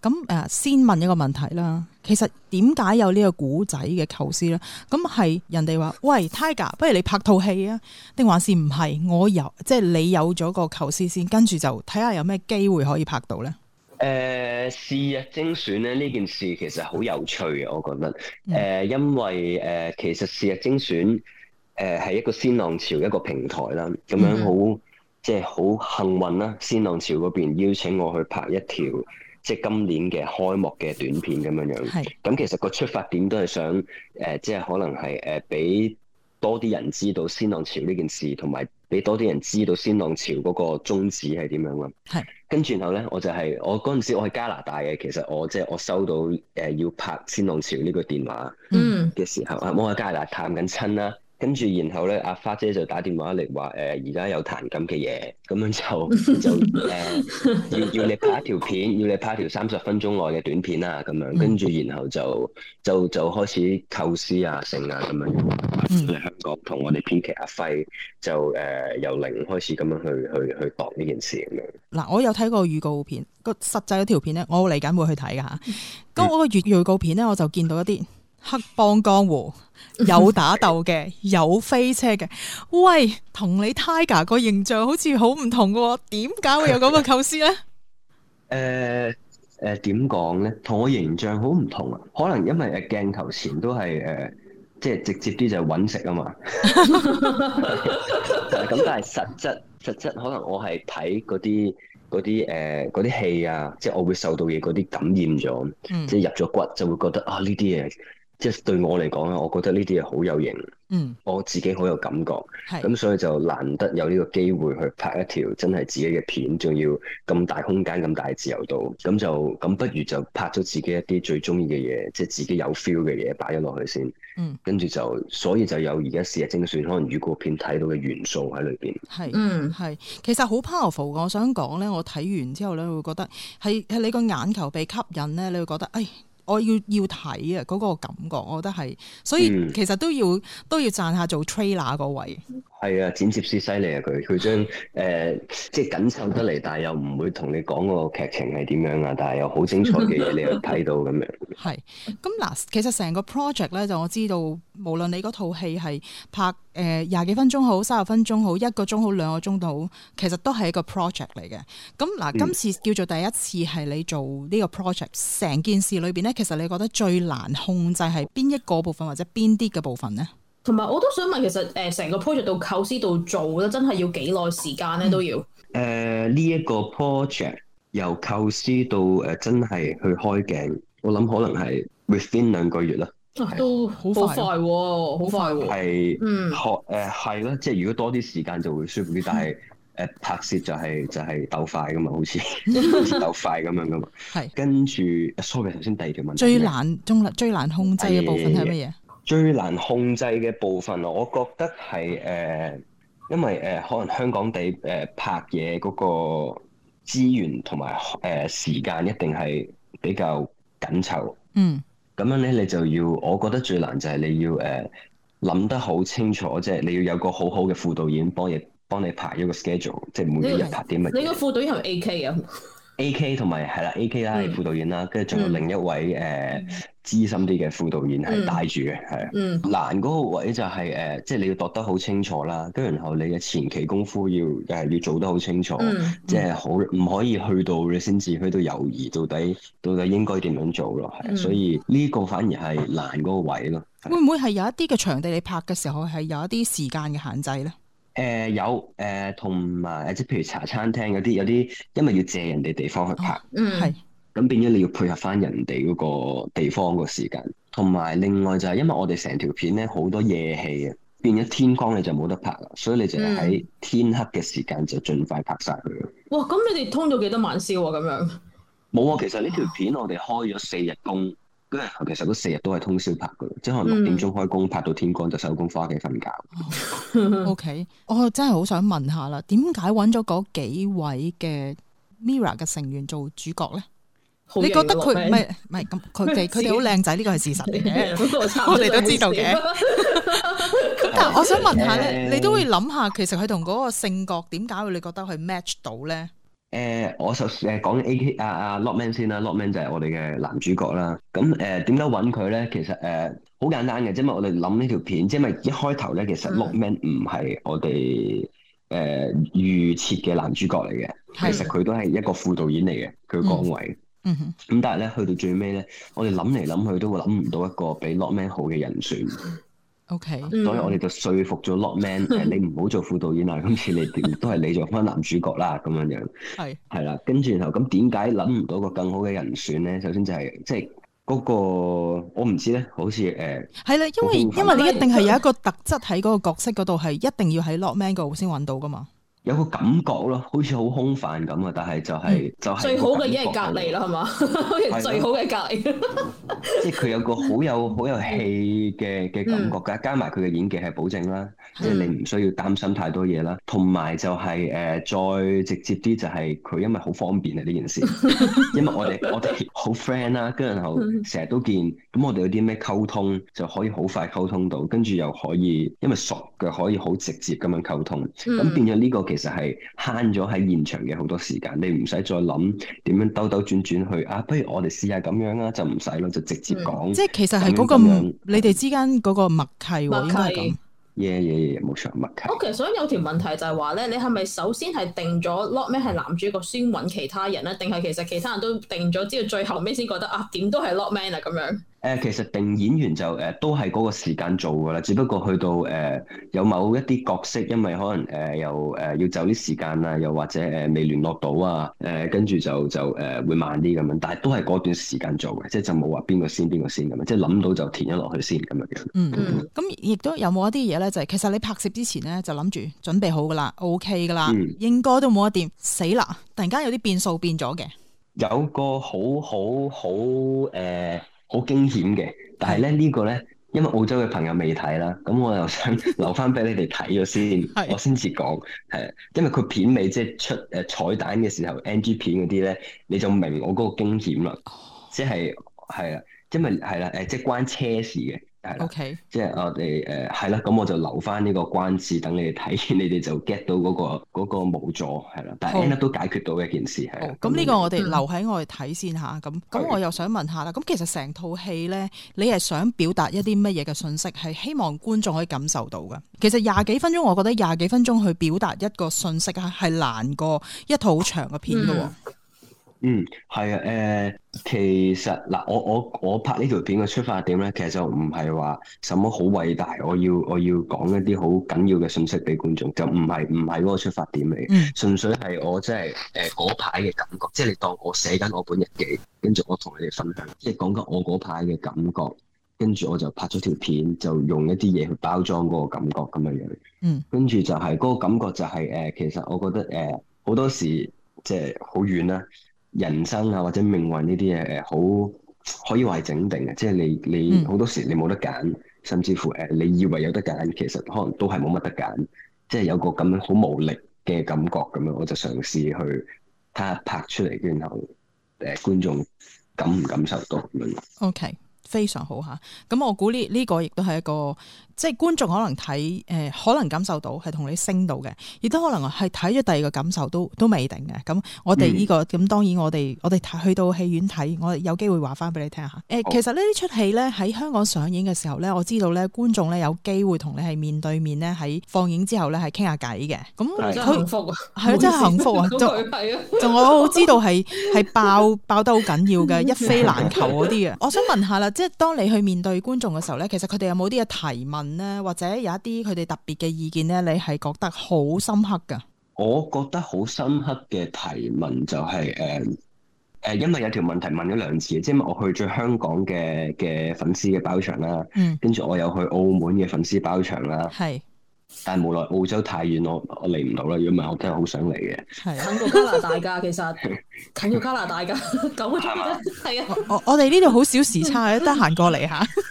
咁誒、呃，先問一個問題啦。其實點解有呢個古仔嘅構思呢？咁係人哋話喂，Tiger，不如你拍套戲啊？定還是唔係我有？即係你有咗個構思先，跟住就睇下有咩機會可以拍到呢？誒、呃，是日精選咧呢件事其實好有趣啊！我覺得，誒、呃，因為誒、呃，其實是日精選誒係一個先浪潮一個平台啦。咁樣好、嗯、即係好幸運啦！先浪潮嗰邊邀請我去拍一條。即係今年嘅開幕嘅短片咁樣樣，咁是其實個出發點都係想誒、呃，即係可能係誒俾多啲人知道先浪潮呢件事，同埋俾多啲人知道先浪潮嗰個宗旨係點樣咯。係是跟住後咧，我就係、是、我嗰陣時我喺加拿大嘅，其實我即係、就是、我收到誒要拍先浪潮呢個電話，嗯嘅時候啊，嗯、我喺加拿大探緊親啦、啊。跟住，然後咧，阿花姐就打電話嚟話，誒、呃，而家有彈咁嘅嘢，咁樣就就誒，呃、 <laughs> 要要你拍一條片，要你拍一條三十分鐘內嘅短片啊，咁樣。跟住然後就就就開始構思啊，成啊，咁樣嚟、嗯、香港同我哋編劇阿輝就誒、呃，由零開始咁樣去去去度呢件事咁樣。嗱、嗯，我有睇過預告片，個實際嗰條片咧，我嚟緊會去睇噶。咁、嗯、我個預預告片咧，我就見到一啲。黑幫江湖有打鬥嘅，有飛車嘅。 <laughs> 喂，同你 Tiger 個形象好似好唔同嘅，點解會有咁嘅構思咧？誒誒、 <laughs> 呃，點講咧？同我形象好唔同啊？可能因為誒鏡頭前都係誒、呃，即係直接啲就係揾食啊嘛。咁 <laughs> <laughs> <laughs> 但係實質實質可能我係睇嗰啲嗰啲誒啲戲啊，即係我會受到嘢嗰啲感染咗，嗯、即係入咗骨，就會覺得啊呢啲嘢。即係對我嚟講啊，我覺得呢啲嘢好有型，嗯，我自己好有感覺，係咁是，所以就難得有呢個機會去拍一條真係自己嘅片，仲要咁大空間、咁大自由度，咁就咁不如就拍咗自己一啲最中意嘅嘢，即係自己有 feel 嘅嘢擺咗落去先，嗯，跟住就所以就有而家是日精選，可能預告片睇到嘅元素喺裏邊，係是，嗯，係，其實好 powerful 嘅，我想講咧，我睇完之後咧，會覺得係係你個眼球被吸引咧，你會覺得，哎。我要要睇啊，嗰、那個感覺，我覺得係，所以其實都要、嗯、都要讚下做 trailer 嗰位。係啊，剪接師犀利啊！佢佢將誒即係緊湊得嚟，但係又唔會同你講個劇情係點樣啊！但係又好精彩嘅嘢，你又睇到咁樣。係，咁嗱，其實成個 project 咧，就我知道，無論你嗰套戲係拍誒廿幾分鐘好，三十分鐘好，一個鐘好，兩個鐘度，其實都係一個 project 嚟嘅。咁嗱，今次叫做第一次係你做呢個 project，成、嗯、件事裏邊咧，其實你覺得最難控制係邊一個部分或者邊啲嘅部分咧？同埋我都想問，其實誒成個 project 到構思到做咧，真係要幾耐時間咧？都要誒呢一個 project 由構思到誒真係去開鏡，我諗可能係 within 兩個月啦。都好快，好快喎，好快喎。係，嗯，學誒係咯，即係如果多啲時間就會舒服啲，但係誒拍攝就係就係鬥快噶嘛，好似好似鬥快咁樣噶嘛。係，跟住 sorry，頭先第二條問題。最難中最難控制嘅部分係乜嘢？最難控制嘅部分，我覺得係誒、呃，因為誒、呃、可能香港地誒、呃、拍嘢嗰個資源同埋誒時間一定係比較緊湊。嗯，咁樣咧你就要，我覺得最難就係你要誒諗、呃、得好清楚，即係你要有個好好嘅副導演幫你幫你拍一個 schedule，嗯、即係每一日拍啲乜。你個副導演係 AK 啊？A K 同埋係啦，A K 啦係副導演啦，跟住仲有另一位誒、呃嗯、資深啲嘅副導演係帶住嘅，係難嗰個位就係、是、誒，即、呃、係、就是、你要度得好清楚啦，跟住然後你嘅前期功夫要誒要做得好清楚，即係、嗯嗯、好唔可以去到你先至去到猶疑到底到底應該點樣做咯，係、嗯、所以呢個反而係難嗰個位咯。會唔會係有一啲嘅場地你拍嘅時候係有一啲時間嘅限制咧？誒、呃，有誒，同埋誒，即係譬如茶餐廳嗰啲，有啲因為要借人哋地方去拍，哦、嗯係，咁變咗你要配合翻人哋嗰個地方個時間，同埋另外就係，因為我哋成條片咧好多夜戲啊，變咗天光你就冇得拍啦，所以你就係喺天黑嘅時間就盡快拍晒佢、嗯。哇！咁你哋通咗幾多晚宵啊？咁、哦、樣？冇啊！其實呢條片我哋開咗四日工。其實四都四日都係通宵拍嘅，即係可能六點鐘開工，嗯、拍到天光就收工，翻屋企瞓覺。O、oh, K，、okay. 我真係好想問，問下啦，點解揾咗嗰幾位嘅 Mirror 嘅成員做主角咧？你覺得佢唔係唔係咁佢哋佢哋好靚仔呢個係事實嚟嘅， <laughs> <laughs> 我哋都知道嘅。咁 <laughs> <laughs> 但係我想問，問下咧，你都會諗下其實佢同嗰個性格點解會你覺得佢 match 到咧？誒、呃，我實誒講 A K 啊、uh, 啊，Lockman 先啦，Lockman 就係我哋嘅男主角啦。咁誒點解揾佢咧？其實誒好、呃、簡單嘅，即係我哋諗呢條片，即係一開頭咧，其實 Lockman 唔係我哋誒、呃、預設嘅男主角嚟嘅，的其實佢都係一個副導演嚟嘅佢崗位。咁、嗯嗯、但係咧去到最尾咧，我哋諗嚟諗去都會諗唔到一個比 Lockman 好嘅人選。O K，所以我哋就説服咗 Lotman、 <laughs> 啊、你唔好做副導演啦，今次你都係你做返男主角啦，咁樣樣係係啦，跟住、 <laughs> 啊、然後咁點解諗唔到個更好嘅人選咧？首先就係、是、即係嗰、那個我唔知咧，好似誒係啦，因為因為你一定係有一個特質喺嗰個角色嗰度，係一定要喺 Lotman 嗰度先揾到噶嘛。有個感覺咯，好似好空泛咁啊！但係就係、是嗯、就係、就是、最好嘅嘢係隔離啦，係嘛？係最好嘅隔離。 <laughs> 即係佢有個有好有好有戲嘅嘅感覺噶，嗯嗯、加埋佢嘅演技係保證啦，嗯、即係你唔需要擔心太多嘢啦。同埋就係、是、誒、呃，再直接啲就係佢、 <laughs> 啊，因為好方便啊呢件事，因為我哋我哋好 friend 啦，跟住然後成日都見，咁我哋有啲咩溝通就可以好快溝通到，跟住又可以因為熟嘅可以好直接咁樣溝通，咁變咗呢個。其實係慳咗喺現場嘅好多時間，你唔使再諗點樣兜兜轉轉去啊！不如我哋試下咁樣啦、啊，就唔使咯，就直接講、嗯。即係其實係嗰、那個樣你哋之間嗰個默契喎。默契。y e 耶 h y 冇錯，默契。我其實想有條問題就係話咧，你係咪首先係定咗 lot man 係男主角先搵其他人咧，定係其實其他人都定咗，之到最後尾先覺得啊，點都係 lot man 啊咁樣？誒，其實定演員就誒、呃、都係嗰個時間做噶啦，只不過去到誒、呃、有某一啲角色，因為可能誒又誒要走啲時間啊，又或者誒未聯絡到啊，誒跟住就就誒、呃、會慢啲咁樣，但係都係嗰段時間做嘅，即係就冇話邊個先邊個先咁樣，即係諗到就填咗落去先咁樣樣。嗯，咁亦都有冇一啲嘢咧？就係、其實你拍攝之前咧就諗住準備好噶啦，O K 噶啦，okay 嗯、應該都冇得掂，死啦。突然間有啲變數變咗嘅，有個好好好誒。好驚險嘅，但係咧呢個咧，因為澳洲嘅朋友未睇啦，咁我又想留翻俾你哋睇咗先， <laughs> 我先至講，係因為佢片尾即係出誒彩蛋嘅時候，NG 片嗰啲咧，你就明我嗰個驚險啦，即係係啊，因為係啦，誒即係關車事嘅。係啦，Okay. 即係我哋誒係啦，咁、呃、我就留翻呢個關子等你哋睇，你哋就 get 到嗰、那個嗰、那個無助係啦。Oh. 但係 end 都解決到一件事係。咁呢、oh. 這樣 個我哋留喺我哋睇先吓。咁咁、嗯、我又想問下啦。咁其實成套戲咧，你係想表達一啲乜嘢嘅信息？係希望觀眾可以感受到噶。其實廿幾分鐘，我覺得廿幾分鐘去表達一個信息啊，係難過一套好長嘅片噶。嗯嗯，係啊，誒、呃，其實嗱，我我我拍呢條片嘅出發點咧，其實就唔係話什麼好偉大，我要我要講一啲好緊要嘅信息俾觀眾，就唔係唔係嗰個出發點嚟嘅，純粹係我即係誒嗰排嘅感覺，即係你當我寫緊我本日記，跟住我同你哋分享，即係講緊我嗰排嘅感覺，跟住我就拍咗條片，就用一啲嘢去包裝嗰個感覺咁嘅樣，嗯，跟住就係嗰個感覺就係、是、誒、呃，其實我覺得誒好、呃、多時即係好遠啦。人生啊，或者命運呢啲嘢誒，好、呃、可以話係整定嘅，即係你你好多時你冇得揀，嗯、甚至乎誒、呃，你以為有得揀，其實可能都係冇乜得揀，即係有個咁樣好無力嘅感覺。咁樣我就嘗試去睇下拍出嚟，然後誒、呃、觀眾感唔感受到咁樣。O、okay, K，非常好吓。咁我估呢呢個亦都係一個。即係觀眾可能睇誒、呃，可能感受到係同你升到嘅，亦都可能係睇咗第二個感受都都未定嘅。咁、嗯嗯、我哋呢、這個咁，當然我哋我哋去到戲院睇，我哋有機會話翻俾你聽下。誒、呃，其實呢啲出戲咧喺香港上映嘅時候咧，我知道咧觀眾咧有機會同你係面對面咧喺放映之後咧係傾下偈嘅。咁、嗯、對他幸福啊！係對真幸福啊！就 <laughs> 我好知道係係爆 <laughs> 爆得好緊要嘅一飛難求嗰啲嘅。 <laughs> 我想問下啦，即係當你去面對觀眾嘅時候咧，其實佢哋有冇啲嘅提問？咧或者有一啲佢哋特別嘅意見咧，你係覺得好深刻噶？我覺得好深刻嘅提問就係誒誒，因為有條問題問咗兩次，即係我去咗香港嘅嘅粉絲嘅包場啦，跟住我又去澳門嘅粉絲包場啦，係，但係無奈澳洲太遠，我我嚟唔到啦。如果唔係，我真係好想嚟嘅，啊、 <laughs> 近過加拿大噶，其實近過加拿大噶，咁 <laughs> 係啊，我我哋呢度好少時差，得閒過嚟吓。 <laughs>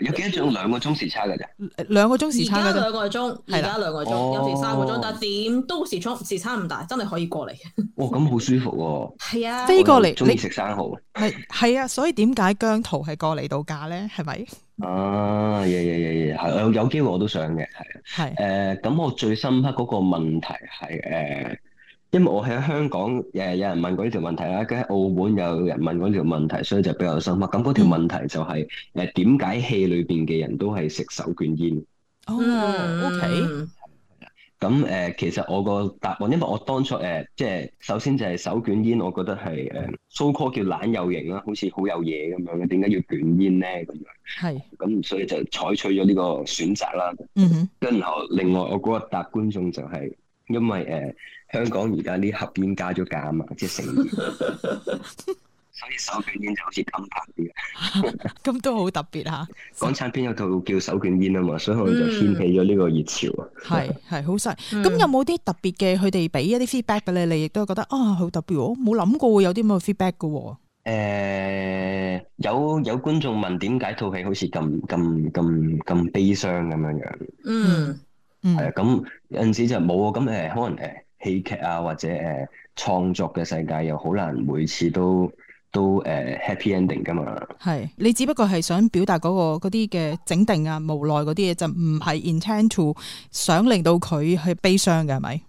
有幾多種，兩個鐘時，時差嘅啫，兩個鐘時差啊，兩個鐘係而家兩個鐘，有時、哦、三個鐘，但係點都時差、哦、時差唔大，真係可以過嚟嘅。哇、 <laughs> 哦，咁好舒服喎！係啊，飛過嚟，仲未食生蠔。係係啊，所以點解姜濤係過嚟度假咧？係咪？啊，係有有機會我都想嘅，係啊，係的。誒、呃，咁我最深刻嗰個問題係誒。呃因為我喺香港誒，有人問過呢條問題啦，跟住喺澳門有人問過呢條問題，所以就比較深刻。咁嗰條問題就係誒點解戲裏邊嘅人都係食手捲煙？哦，OK。咁誒，其實我個答案，因為我當初誒，即係首先就係手捲煙，我覺得係誒 so called 叫懶有型啦，好似好有嘢咁樣嘅，點解要捲煙咧咁樣？係。咁所以就採取咗呢個選擇啦。嗯哼。跟住後，另外我嗰個答觀眾就係因為誒。香港而家啲盒煙加咗價啊嘛，即係成，所以手捲煙就好似金牌啲，咁都好特別啊！港產片有套叫手捲煙啊嘛，所以佢就掀起咗呢個熱潮啊！係係好犀，咁有冇啲特別嘅佢哋俾一啲 feedback 俾你？你亦都覺得啊，好特別喎！冇諗過會有啲咩 feedback 嘅喎。誒，有有觀眾問點解套戲好似咁咁咁咁悲傷咁樣樣？嗯，係啊，咁有陣時就冇啊，咁誒，可能誒。戲劇啊，或者誒、呃、創作嘅世界又好難，每次都都誒、呃、happy ending 噶嘛。係你只不過係想表達嗰啲嘅整定啊、無奈嗰啲嘢，就唔係 intend to 想令到佢去悲傷嘅，係咪？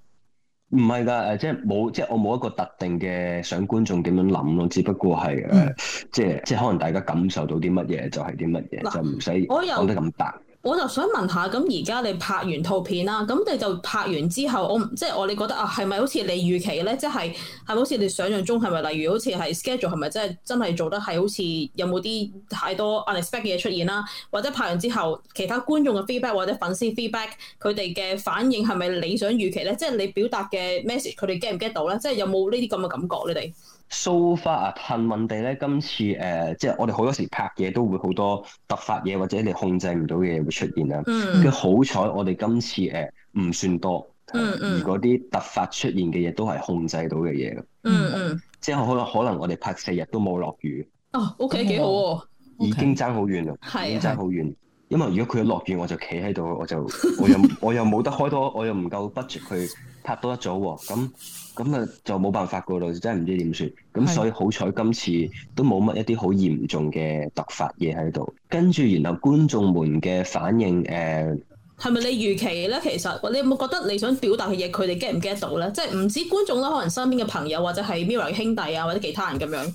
唔係㗎，誒即係冇，即係我冇一個特定嘅想觀眾點樣諗咯。只不過係誒、嗯呃，即係即係可能大家感受到啲乜嘢就係啲乜嘢，喇就唔使講得咁白。我就想問下，咁而家你拍完套片啦，咁你就拍完之後，我即係我哋覺得啊，係咪好似你預期咧？即係係咪好似你想象中係咪？是是例如好似係 schedule 係咪真係真係做得係好似有冇啲太多 unexpected 嘅嘢出現啦？或者拍完之後，其他觀眾嘅 feedback 或者粉絲 feedback 佢哋嘅反應係咪理想預期咧？即係你表達嘅 message 佢哋 get 唔 get 到咧？即係有冇呢啲咁嘅感覺，你哋？so far 啊，恆運地咧，今次誒，即係我哋好多時拍嘢都會好多突發嘢或者你控制唔到嘅嘢會出現啦，嗯呃嗯。嗯，嘅好彩我哋今次誒唔算多，嗯嗯，啲突發出現嘅嘢都係控制到嘅嘢，嗯。嗯嗯，即係可可能我哋拍四日都冇落雨。哦、啊，OK，幾好喎，已經爭好遠啦，係爭好遠。因為如果佢一落雨，我就企喺度，我就我又我又冇得開多，我又唔夠 budget 去拍多一組喎。咁 <laughs> 咁啊，就冇辦法噶啦，真係唔知點算。咁所以好彩今次都冇乜一啲好嚴重嘅突發嘢喺度。跟住然後觀眾們嘅反應，誒係咪你預期咧？其實你有冇覺得你想表達嘅嘢，佢哋 get 唔 get 到咧？即係唔止觀眾啦，可能身邊嘅朋友或者係 Mirror 嘅兄弟啊，或者其他人咁樣。誒、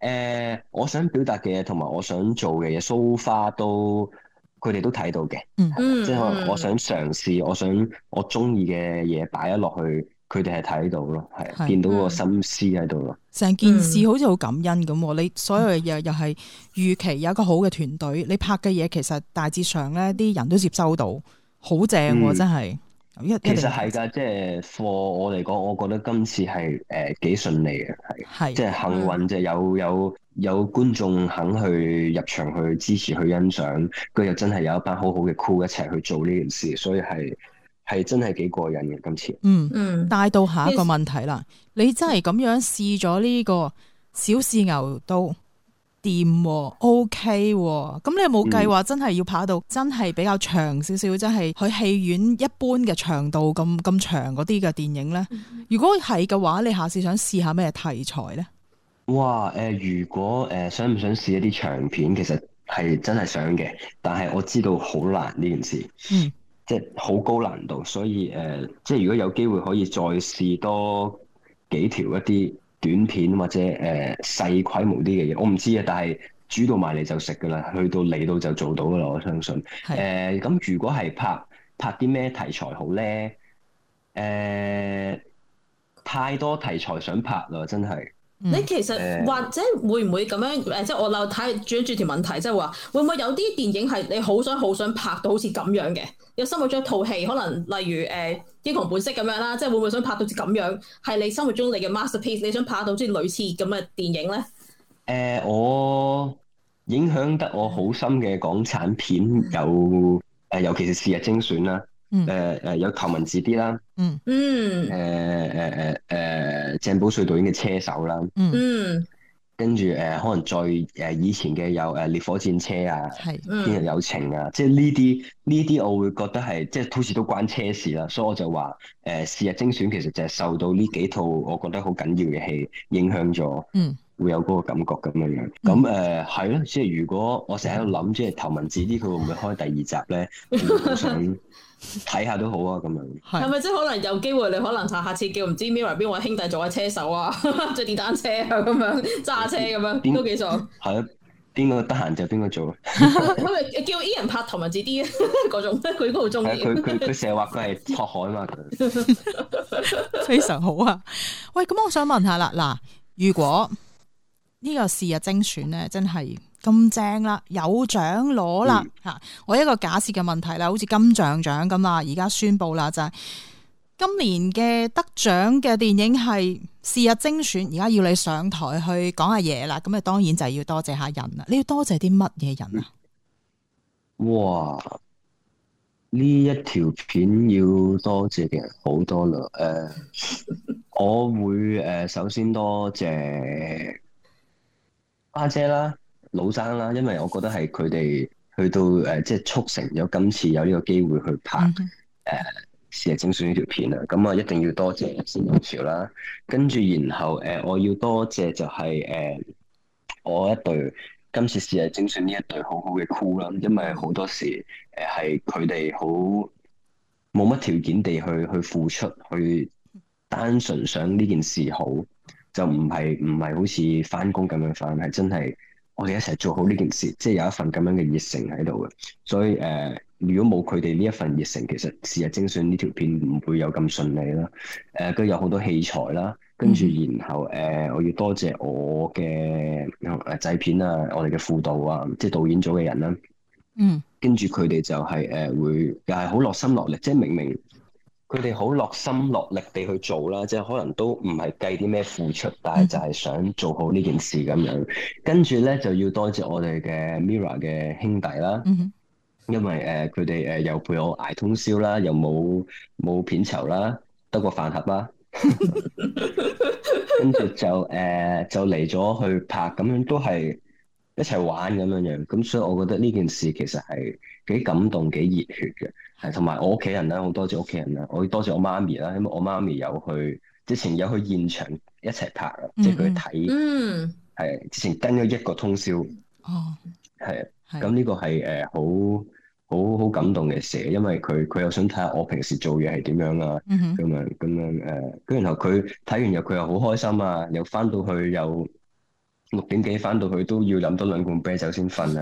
呃，我想表達嘅嘢同埋我想做嘅嘢，so far 都佢哋都睇到嘅。嗯嗯，即係我想嘗試，嗯嗯、我想我中意嘅嘢擺咗落去。佢哋係睇到咯，係係見到個心思喺度咯。成件事好似好感恩咁，嗯、你所有嘢、嗯、又係預期有一個好嘅團隊，嗯、你拍嘅嘢其實大致上咧啲人都接收到，好正、啊、真係。其實係㗎，即係 for 我嚟講，我覺得今次係誒幾順利嘅，係即係幸運就有有有，有觀眾肯去入場去，去支持去欣賞，佢又真係有一班好好嘅 crew 一齊去做呢件事，所以係。係真係幾過癮嘅今次。嗯嗯，帶到下一個問題啦。實你真係咁樣試咗呢個小試牛刀，掂，OK。咁、OK、你有冇計劃真係要拍到真係比較長少少，即係佢戲院一般嘅長度咁咁長嗰啲嘅電影呢？嗯、如果係嘅話，你下次想試下咩題材呢？哇！誒、呃，如果誒、呃、想唔想試一啲長片，其實係真係想嘅，但係我知道好難呢件事。嗯。即係好高難度，所以誒、呃，即係如果有機會可以再試多幾條一啲短片或者誒、呃、細規模啲嘅嘢，我唔知啊，但係煮到埋嚟就食噶啦，去到嚟到就做到噶啦，我相信。誒咁是、呃、如果係拍拍啲咩題材好咧？誒、呃、太多題材想拍啦，真係。嗯、你其實或者會唔會咁樣誒？呃、即係我樓睇轉一轉條問題，即係話會唔會有啲電影係你好想好想拍到好似咁樣嘅？有生活中一套戲，可能例如誒、呃《英雄本色》咁樣啦，即係會唔會想拍到似咁樣？係你生活中你嘅 masterpiece，你想拍到啲類似咁嘅電影咧？誒、呃，我影響得我好深嘅港產片有誒、呃，尤其是《是日精選、啊》啦。誒誒，有頭文字 D 啦，嗯嗯，誒誒誒誒，鄭、呃、保、呃呃呃、瑞導演嘅車手啦，嗯跟住誒、呃、可能再誒、呃、以前嘅有誒烈火戰車啊，係，嗯、天日有情啊，即係呢啲呢啲我會覺得係即係好似都關車事啦，所以我就話誒是日精選其實就係受到呢幾套我覺得好緊要嘅戲影響咗、嗯，嗯，會有嗰個感覺咁樣樣，咁誒係咯，即係如果我成日喺度諗，即係頭文字 D 佢會唔會開第二集咧？想。睇下都好啊，咁樣係咪即係可能有機會？你可能下下次叫，唔知 Mirror 邊位邊位兄弟做下車手啊，做電單車啊，咁樣揸車咁、啊、樣哪都幾爽。係 <laughs> <laughs> <laughs> 啊，邊個得閒就邊個做啊。咁咪叫 Ian 拍頭文字 D 嗰種，即係佢都好中意。佢佢佢成日話佢係拍海嘛， <laughs> 非常好啊！喂，咁我想問下啦，嗱，如果呢個是日精選咧，真係。咁正啦，有獎攞啦吓！嗯、我一個假設嘅問題啦，好似金像獎咁啦，而家宣布啦就係、是、今年嘅得獎嘅電影係是日精選，而家要你上台去講下嘢啦。咁啊，當然就係要多謝下人啦。你要多謝啲乜嘢人啊？哇！呢一條片要多謝嘅人好多啦。誒、呃， <laughs> 我會誒、呃、首先多謝阿姐啦。老生啦，因為我覺得係佢哋去到誒、呃，即係促成咗今次有呢個機會去拍誒《是日精選》呢、hmm。呃、條片啊。咁啊，一定要多謝先朝啦。跟住然後誒、呃，我要多謝就係、是、誒、呃、我一隊今次《是日精選》呢一隊好好嘅 crew 啦，因為好多時誒係佢哋好冇乜條件地去去付出，去單純想呢件事好，就唔係唔係好似返工咁樣返，係真係。我哋一齊做好呢件事，即係有一份咁樣嘅熱誠喺度嘅，所以誒、呃，如果冇佢哋呢一份熱誠，其實是日精選呢條片唔會有咁順利啦。誒、呃，都有好多器材啦，跟住然後誒、呃，我要多謝、謝我嘅誒製片啊，我哋嘅輔導啊，即係導演組嘅人啦，啊。嗯。跟住佢哋就係、是、誒、呃、會，又係好落心落力，即係明明。佢哋好落心落力地去做啦，即係可能都唔係計啲咩付出，但係就係想做好呢件事咁樣。跟住咧就要多謝我哋嘅 Mirror 嘅兄弟啦，mm hmm. 因為誒佢哋誒又陪我挨通宵啦，又冇冇片酬啦，得個飯盒啦， <laughs> 跟住就誒、呃、就嚟咗去拍，咁樣都係一齊玩咁樣樣。咁所以我覺得呢件事其實係幾感動、幾熱血嘅。係，同埋我屋企人啦，好多謝屋企人啦！我要多謝我媽咪啦，因為我媽咪有去之前有去現場一齊拍，即係佢睇，係、mm hmm. 之前跟咗一個通宵，係咁呢個係誒好好好感動嘅事，因為佢佢又想睇下我平時做嘢係點樣啊，咁、mm hmm. 樣咁樣誒，跟、呃、然後佢睇完又佢又好開心啊，又返到去又。六點幾翻到去都要飲多兩罐啤酒先瞓啦，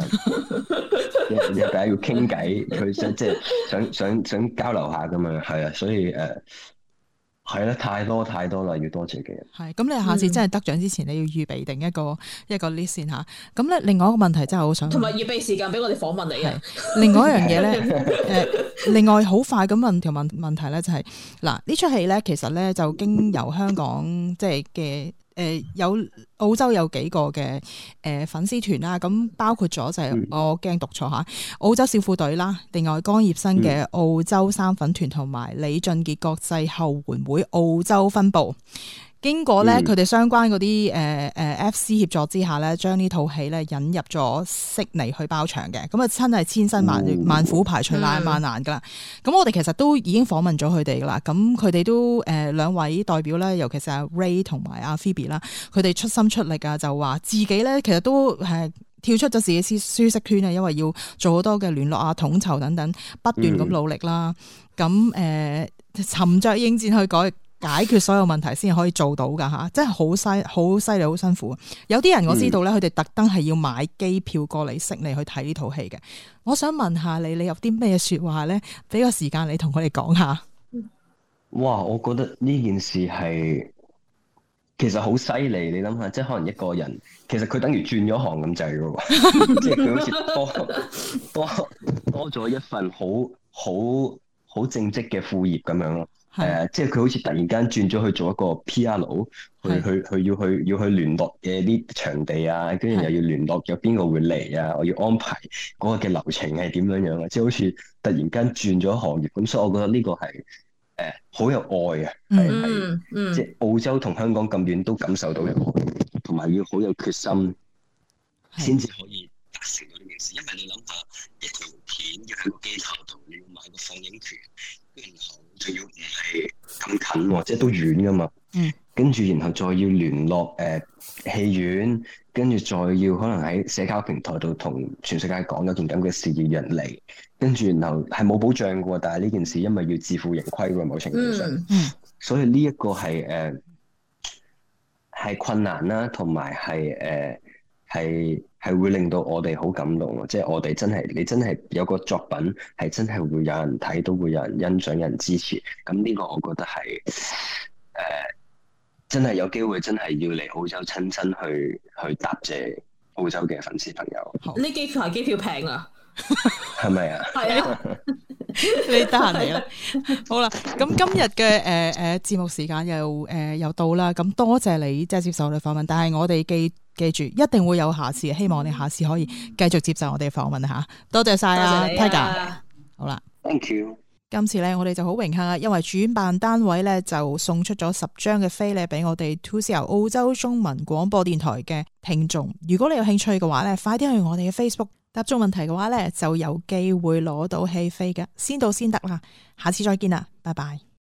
<laughs> 大家要傾偈，佢 <laughs> 想即係想想想交流下噶嘛，係啊，所以誒係咧太多太多啦，要多謝嘅人。係咁，你下次真係得獎之前，你要預備定一個、嗯、一個 list 先吓。咁咧，另外一個問題真係好想同埋預備時間俾我哋訪問你啊。另外一樣嘢咧，誒， <laughs> 另外好快咁問條問問題咧，就係、是、嗱呢出戲咧，其實咧就經由香港即係嘅。誒有、呃、澳洲有幾個嘅誒、呃、粉絲團啦，咁包括咗就係、是嗯、我驚讀錯嚇，澳洲少婦隊啦，另外江結新嘅澳洲三粉團同埋李駿傑國際後援會澳洲分部。經過咧，佢哋相關嗰啲誒誒 FC 協助之下咧，將呢套戲咧引入咗悉尼去包場嘅。咁啊，真係千辛萬、哦、萬苦排除萬、嗯、萬難噶啦。咁我哋其實都已經訪問咗佢哋噶啦。咁佢哋都誒、呃、兩位代表咧，尤其是阿 Ray 同埋阿 Phoebe 啦，佢哋出心出力啊，就話自己咧其實都係、呃、跳出咗自己舒舒適圈啊，因為要做好多嘅聯絡啊、統籌等等，不斷咁努力啦。咁誒、嗯呃、沉着應戰去改。解決所有問題先可以做到㗎吓，即係好犀好犀利，好辛苦。有啲人我知道咧，佢哋特登係要買機票過嚟，悉尼去睇呢套戲嘅。我想問下你，你有啲咩説話咧？俾個時間你同佢哋講下。哇！我覺得呢件事係其實好犀利。你諗下，即係可能一個人，其實佢等於轉咗行咁滯咯， <laughs> 即係佢好似多 <laughs> 多多咗一份好好好正職嘅副業咁樣咯。誒是、啊，即係佢好似突然間轉咗去做一個 PR 佬去是去去要去要去聯絡嘅啲場地啊，跟住又要聯絡有邊個會嚟啊，是我要安排嗰個嘅流程係點樣樣啊，即係好似突然間轉咗行業，咁所以我覺得呢個係誒、啊、好有愛啊，係係、嗯嗯、即係澳洲同香港咁遠都感受到嘅，同埋要好有決心先至是可以達成到呢件事，因為你諗下一條片要喺個機頭度，你要買個放映權，仲要唔係咁近或、啊、者都遠噶嘛。嗯，跟住然後再要聯絡誒戲、呃、院，跟住再要可能喺社交平台度同全世界講有件咁嘅事要人嚟，跟住然後係冇保障嘅，但係呢件事因為要自負盈虧嘅某程度上，嗯、所以呢一個係誒係困難啦、啊，同埋係誒係。呃係會令到我哋好感動，即係我哋真係，你真係有個作品係真係會有人睇，都會有人欣賞、有人支持。咁呢個我覺得係誒、呃，真係有機會，真係要嚟澳洲親身去去答謝澳洲嘅粉絲朋友。呢機票機票平啊！ <noise> 係咪 <laughs> 啊？係啊 <laughs> <laughs> 你得閒嚟啦。好啦，咁今日嘅誒誒節目時間又誒、呃、又到啦。咁多謝你即係接受我哋訪問。但係我哋記記住，一定會有下次。希望你下次可以繼續接受我哋訪問吓。嗯、多謝晒啊 t e g e r 好啦了，Thank you。今次咧，我哋就好榮幸啦，因為主辦單位咧就送出咗十張嘅飛咧俾我哋 2CL 澳洲中文廣播電台嘅聽眾。如果你有興趣嘅話咧，快啲去我哋嘅 Facebook 答中問題嘅話咧，就有機會攞到戲飛㗎，先到先得啦。下次再見啦，拜拜。